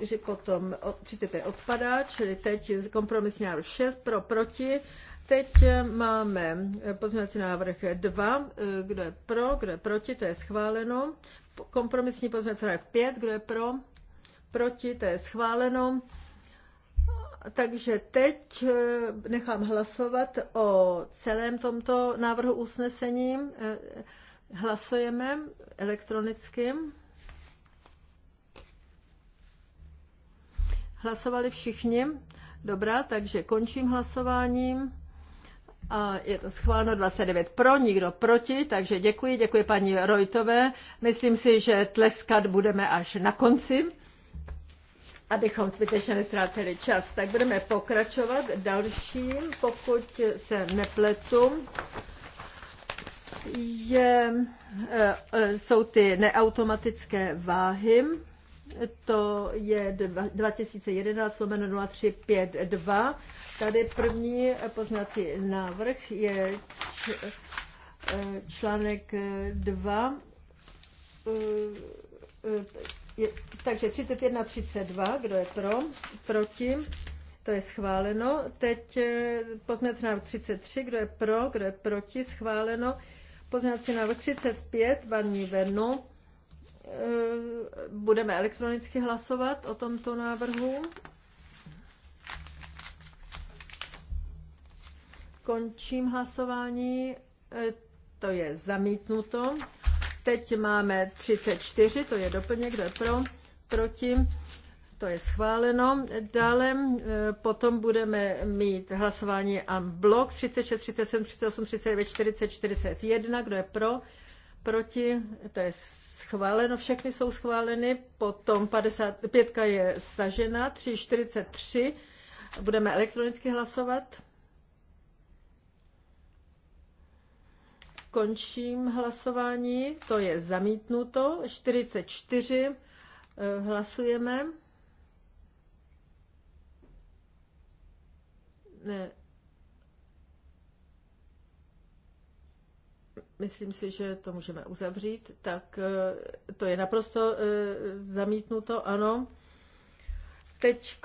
že potom 30 odpadá, čili teď kompromisní návrh 6 pro, proti, Teď máme pozměňovací návrh 2, kdo je pro, kdo je proti, to je schváleno. Kompromisní pozměňovací návrh 5, kdo je pro, proti, to je schváleno. Takže teď eh, nechám hlasovat o celém tomto návrhu usnesení. Eh, hlasujeme elektronicky. Hlasovali všichni? Dobrá, takže končím hlasováním. A je to schváleno 29 pro, nikdo proti, takže děkuji, děkuji paní Rojtové. Myslím si, že tleskat budeme až na konci, abychom zbytečně nestráceli čas. Tak budeme pokračovat dalším, pokud se nepletu. Je, e, e, jsou ty neautomatické váhy to je 2011 lomeno 0352. Tady první poznací návrh je eh, článek 2. Eh, eh, je, takže 31.32, kdo je pro, proti, to je schváleno. Teď poznací návrh 33, kdo je pro, kdo je proti, schváleno. Poznací návrh 35, Van Niveno, Eh, budeme elektronicky hlasovat o tomto návrhu. Končím hlasování. Eh, to je zamítnuto. Teď máme 34, to je doplněk, kdo je pro, proti, to je schváleno. Dále eh, potom budeme mít hlasování a blok 36, 37, 38, 39, 40, 41, kdo je pro, proti, to je schváleno, všechny jsou schváleny, potom 55 je stažena, 343 budeme elektronicky hlasovat. Končím hlasování, to je zamítnuto, 44 eh, hlasujeme. Ne, myslím si, že to můžeme uzavřít, tak eh, to je naprosto eh, zamítnuto, ano. Teď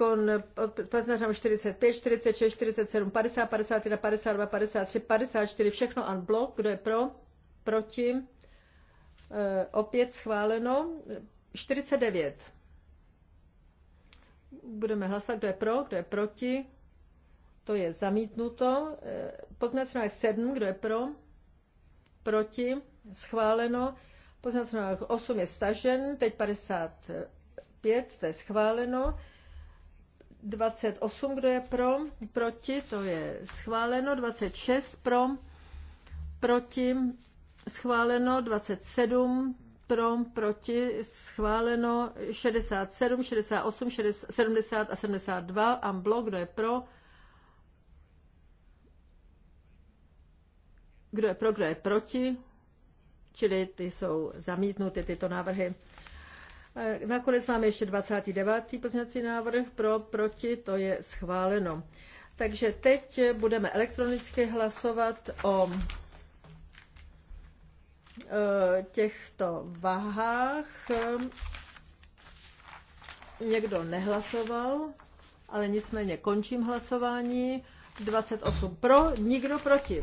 poznáš 45, 46, 47, 50, 51, 52, 53, 54, všechno unblock, kdo je pro, proti, eh, opět schváleno, 49. Budeme hlasovat, kdo je pro, kdo je proti, to je zamítnuto. Poznací návrh 7, kdo je pro, proti, schváleno. Poznací 8 je stažen, teď 55, to je schváleno. 28, kdo je pro, proti, to je schváleno. 26 pro, proti, schváleno. 27 pro, proti, schváleno. 67, 68, 60, 70 a 72 Amblo, kdo je pro, Kdo je pro, kdo je proti? Čili ty jsou zamítnuty, tyto návrhy. E, nakonec máme ještě 29. pozměňovací návrh pro, proti, to je schváleno. Takže teď budeme elektronicky hlasovat o e, těchto váhách. Někdo nehlasoval, ale nicméně končím hlasování. 28 pro, nikdo proti.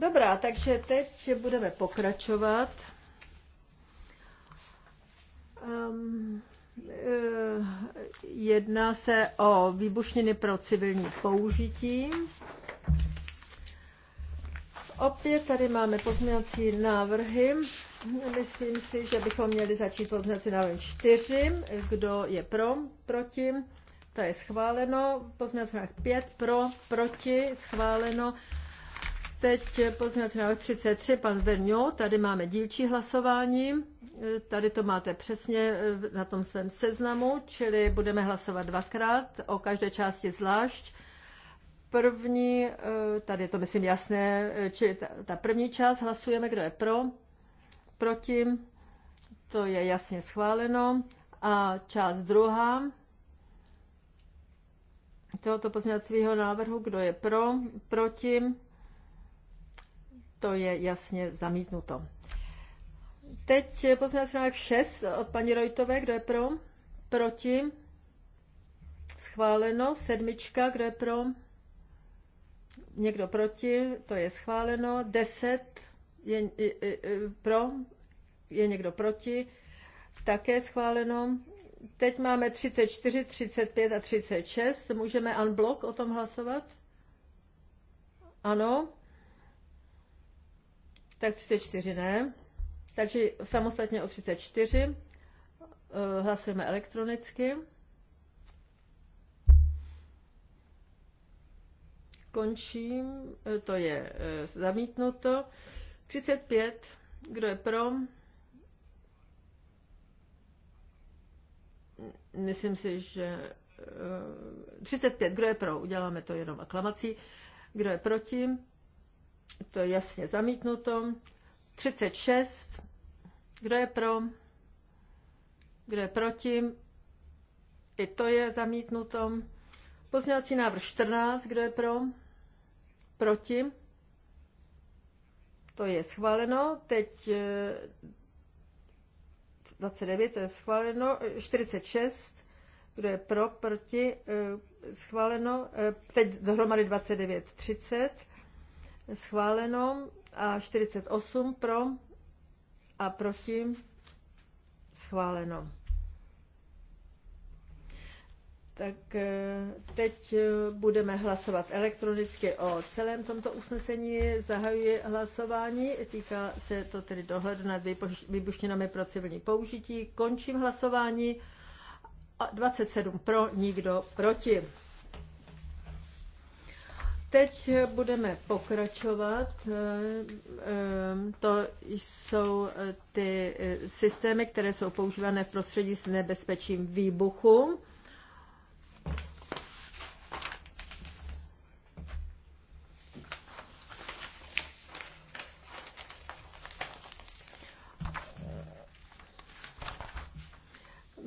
Dobrá, takže teď budeme pokračovat. Um, jedná se o výbušniny pro civilní použití. Opět tady máme pozměňovací návrhy. Myslím si, že bychom měli začít pozměňovací návrhem 4. Kdo je pro, proti, to je schváleno. Pozměňovací návrh 5 pro, proti, schváleno. Teď pozměňovací návrh 33, pan Verňo, tady máme dílčí hlasování, tady to máte přesně eh, na tom svém seznamu, čili budeme hlasovat dvakrát, o každé části zvlášť. První, eh, tady je to myslím jasné, eh, čili ta, ta první část hlasujeme, kdo je pro, proti, to je jasně schváleno. A část druhá tohoto pozměňovacího návrhu, kdo je pro, proti, to je jasně zamítnuto. Teď pozměňovací návrh 6 od paní Rojtové, kdo je pro? Proti? Schváleno. Sedmička, kdo je pro? Někdo proti? To je schváleno. Deset je, je, je, pro? Je někdo proti? Také schváleno. Teď máme 34, 35 a 36. Můžeme unblock o tom hlasovat? Ano tak 34 ne. Takže samostatně o 34 eh, hlasujeme elektronicky. Končím, eh, to je eh, zamítnuto. 35, kdo je pro? Myslím si, že 35, kdo je pro? Uděláme to jenom aklamací. Kdo je proti? To je jasně zamítnuto. 36. Kdo je pro? Kdo je proti? I to je zamítnuto. Pozměňovací návrh 14. Kdo je pro? Proti? To je schváleno. Teď 29, eh, to je schváleno. 46, kdo je pro, proti, eh, schváleno. Eh, teď dohromady 29, 30 schváleno a 48 pro a proti schváleno. Tak e, teď e, budeme hlasovat elektronicky o celém tomto usnesení. Zahajuji hlasování. Týká se to tedy dohledu nad vybuštěnami pro civilní použití. Končím hlasování. 27 pro, nikdo proti. Teď budeme pokračovat. Eh, eh, to jsou eh, ty systémy, které jsou používané v prostředí s nebezpečím výbuchu.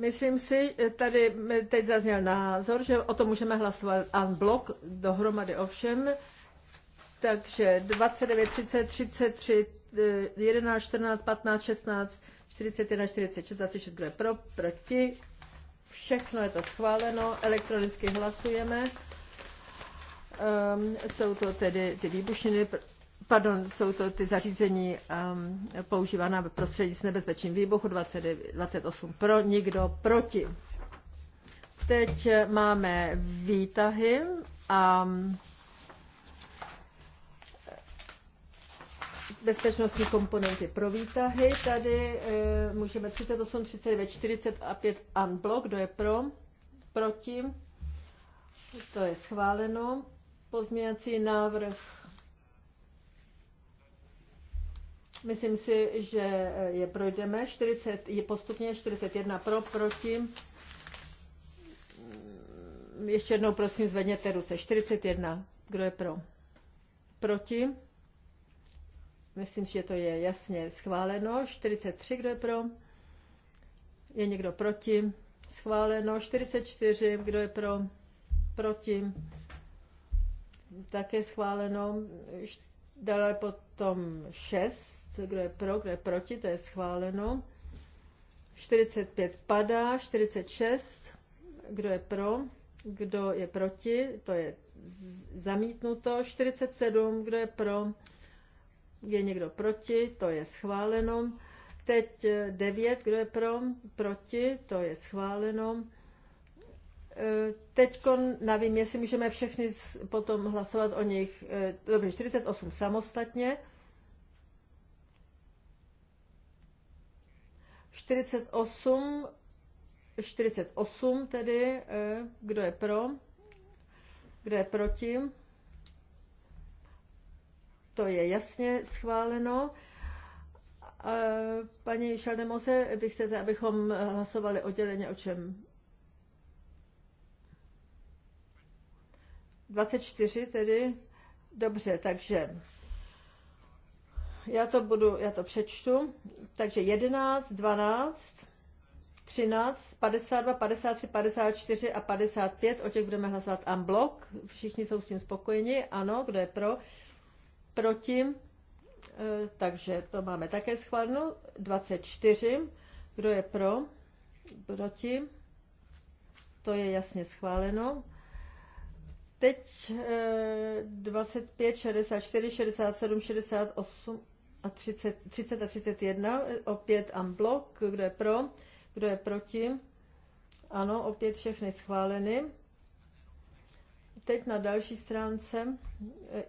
Myslím si, eh, tady eh, teď zazněl názor, že o tom můžeme hlasovat blok dohromady ovšem. Takže 29, 30, 33, 11, 14, 15, 16, 41, 46, 26, kdo je pro, proti. Všechno je to schváleno, elektronicky hlasujeme. Um, jsou to tedy ty výbušiny, Pardon, jsou to ty zařízení um, používaná ve prostředí s nebezpečným výbuchu, 29, 28 pro, nikdo proti. Teď máme výtahy a um, bezpečnostní komponenty pro výtahy. Tady uh, můžeme 38, 39, 40 a 5 unblock, kdo je pro, proti. To je schváleno. Pozměňací návrh Myslím si, že je projdeme. 40, je postupně 41 pro, proti. Ještě jednou prosím zvedněte ruce. 41. Kdo je pro? Proti. Myslím, že to je jasně schváleno. 43. Kdo je pro? Je někdo proti? Schváleno. 44. Kdo je pro? Proti. Také schváleno. Dále potom 6 kdo je pro, kdo je proti, to je schváleno. 45 padá, 46, kdo je pro, kdo je proti, to je zamítnuto. 47, kdo je pro, je někdo proti, to je schváleno. Teď 9, eh, kdo je pro, proti, to je schváleno. Eh, Teď nevím, jestli můžeme všechny potom hlasovat o nich, eh, dobře, 48 samostatně. 48, 48 tedy, eh, kdo je pro, kdo je proti. To je jasně schváleno. Paní Šaldemose, vy chcete, abychom hlasovali odděleně o čem? 24 tedy. Dobře, takže já to budu, já to přečtu. Takže 11, 12, 13, 52, 53, 54 a 55, o těch budeme hlasovat unblock. Všichni jsou s tím spokojeni, ano, kdo je pro, proti, e, takže to máme také schváleno. 24, kdo je pro, proti, to je jasně schváleno. Teď e, 25, 64, 67, 68, a 30, 30 a 31, opět unblock, kdo je pro, kdo je proti. Ano, opět všechny schváleny. Teď na další stránce,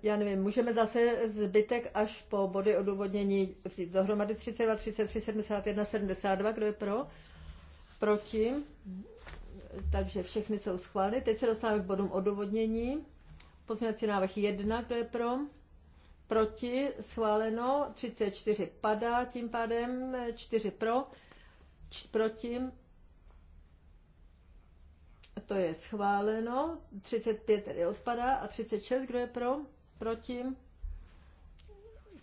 já nevím, můžeme zase zbytek až po body odůvodnění vzít dohromady 32, 33, 71, 72, kdo je pro, proti, takže všechny jsou schváleny. Teď se dostáváme k bodům odůvodnění. Pozměňovací návrh 1, kdo je pro, proti, schváleno, 34 padá, tím pádem 4 pro, proti, to je schváleno, 35 tedy odpadá a 36, kdo je pro, proti,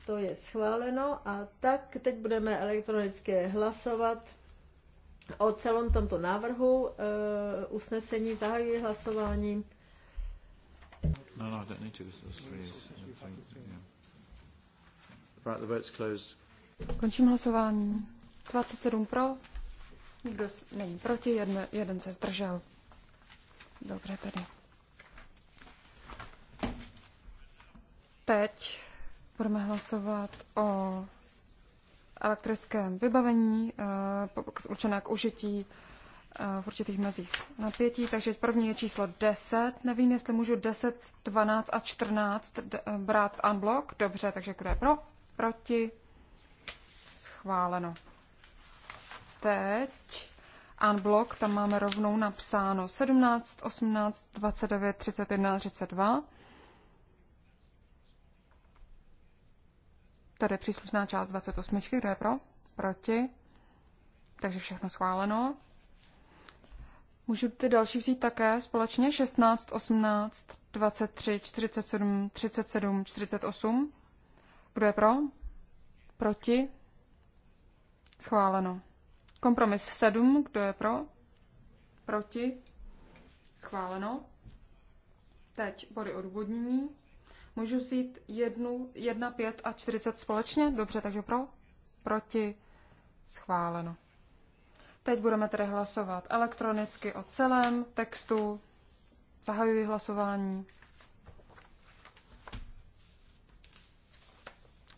to je schváleno a tak teď budeme elektronicky hlasovat o celém tomto návrhu e, usnesení zahajuji hlasování. No, no, I don't need to. It's those three. Yeah. Right, the vote's closed. Končím hlasování. 27 pro, nikdo není proti, jedne, jeden se zdržel. Dobře tedy. Teď budeme hlasovat o elektrickém vybavení eh, určené k užití eh, v určitých mezích napětí. Takže první je číslo 10. Nevím, jestli můžu 10, 12 a 14 brát unblock. Dobře, takže kdo je pro? proti, schváleno. Teď unblock, tam máme rovnou napsáno 17, 18, 29, 31, 32. Tady je příslušná část 28, kdo je pro, proti, takže všechno schváleno. Můžu ty další vzít také společně 16, 18, 23, 47, 37, 48. Kdo je pro? Proti? Schváleno. Kompromis 7. Kdo je pro? Proti? Schváleno. Teď body odvodnění. Můžu vzít jednu, jedna, pět a 40 společně? Dobře, takže pro? Proti? Schváleno. Teď budeme tedy hlasovat elektronicky o celém textu. Zahajuji hlasování.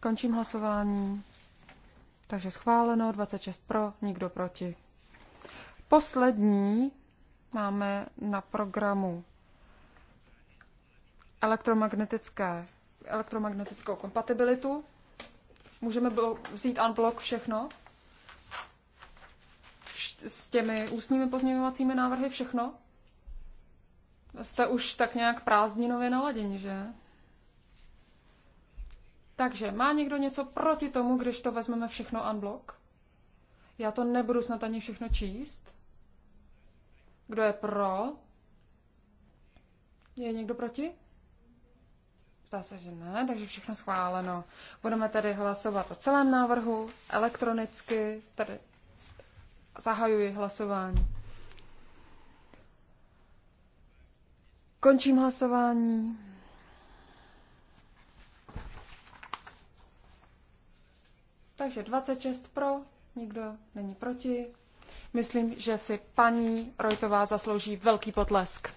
Končím hlasování. Takže schváleno, 26 pro, nikdo proti. Poslední máme na programu elektromagnetické, elektromagnetickou kompatibilitu. Můžeme vzít unblock všechno? S těmi ústními pozměňovacími návrhy všechno? Jste už tak nějak prázdninově naladěni, že? Takže má někdo něco proti tomu, když to vezmeme všechno unblock? Já to nebudu snad ani všechno číst. Kdo je pro? Je někdo proti? Zdá se, že ne, takže všechno schváleno. Budeme tedy hlasovat o celém návrhu elektronicky, tady zahajuji hlasování. Končím hlasování. Takže 26 pro, nikdo není proti. Myslím, že si paní Rojtová zaslouží velký potlesk.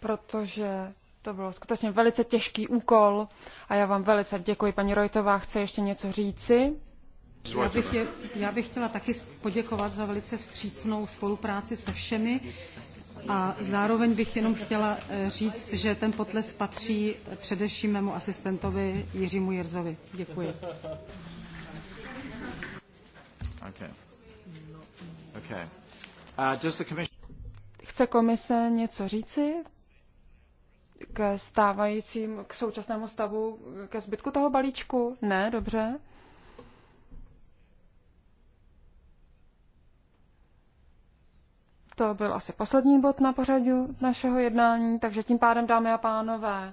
Protože to bylo skutečně velice těžký úkol a já vám velice děkuji. Paní Rojtová chce ještě něco říci. Já bych, je, já bych chtěla taky poděkovat za velice vstřícnou spolupráci se všemi. A zároveň bych jenom chtěla eh, říct, že ten potles patří eh, především mému asistentovi Jiřímu Jirzovi. Děkuji. Okay. Okay. Uh, Chce komise něco říci k stávajícím, k současnému stavu, ke zbytku toho balíčku? Ne, dobře. to byl asi poslední bod na pořadu našeho jednání, takže tím pádem, dámy a pánové,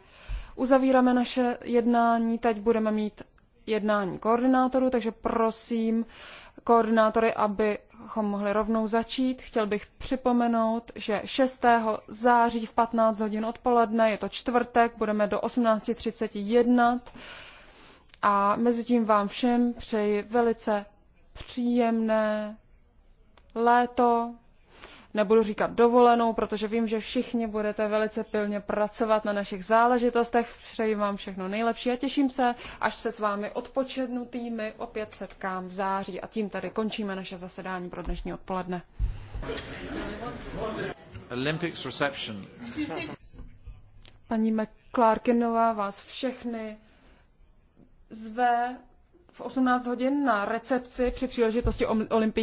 uzavíráme naše jednání. Teď budeme mít jednání koordinátorů, takže prosím koordinátory, abychom mohli rovnou začít. Chtěl bych připomenout, že 6. září v 15 hodin odpoledne, je to čtvrtek, budeme do 18.30 jednat a mezi tím vám všem přeji velice příjemné léto, nebudu říkat dovolenou, protože vím, že všichni budete velice pilně pracovat na našich záležitostech. Přeji vám všechno nejlepší a těším se, až se s vámi odpočetnutými opět setkám v září. A tím tady končíme naše zasedání pro dnešní odpoledne. Olympics reception. Paní McClarkinová vás všechny zve v 18 hodin na recepci při příležitosti olympijských.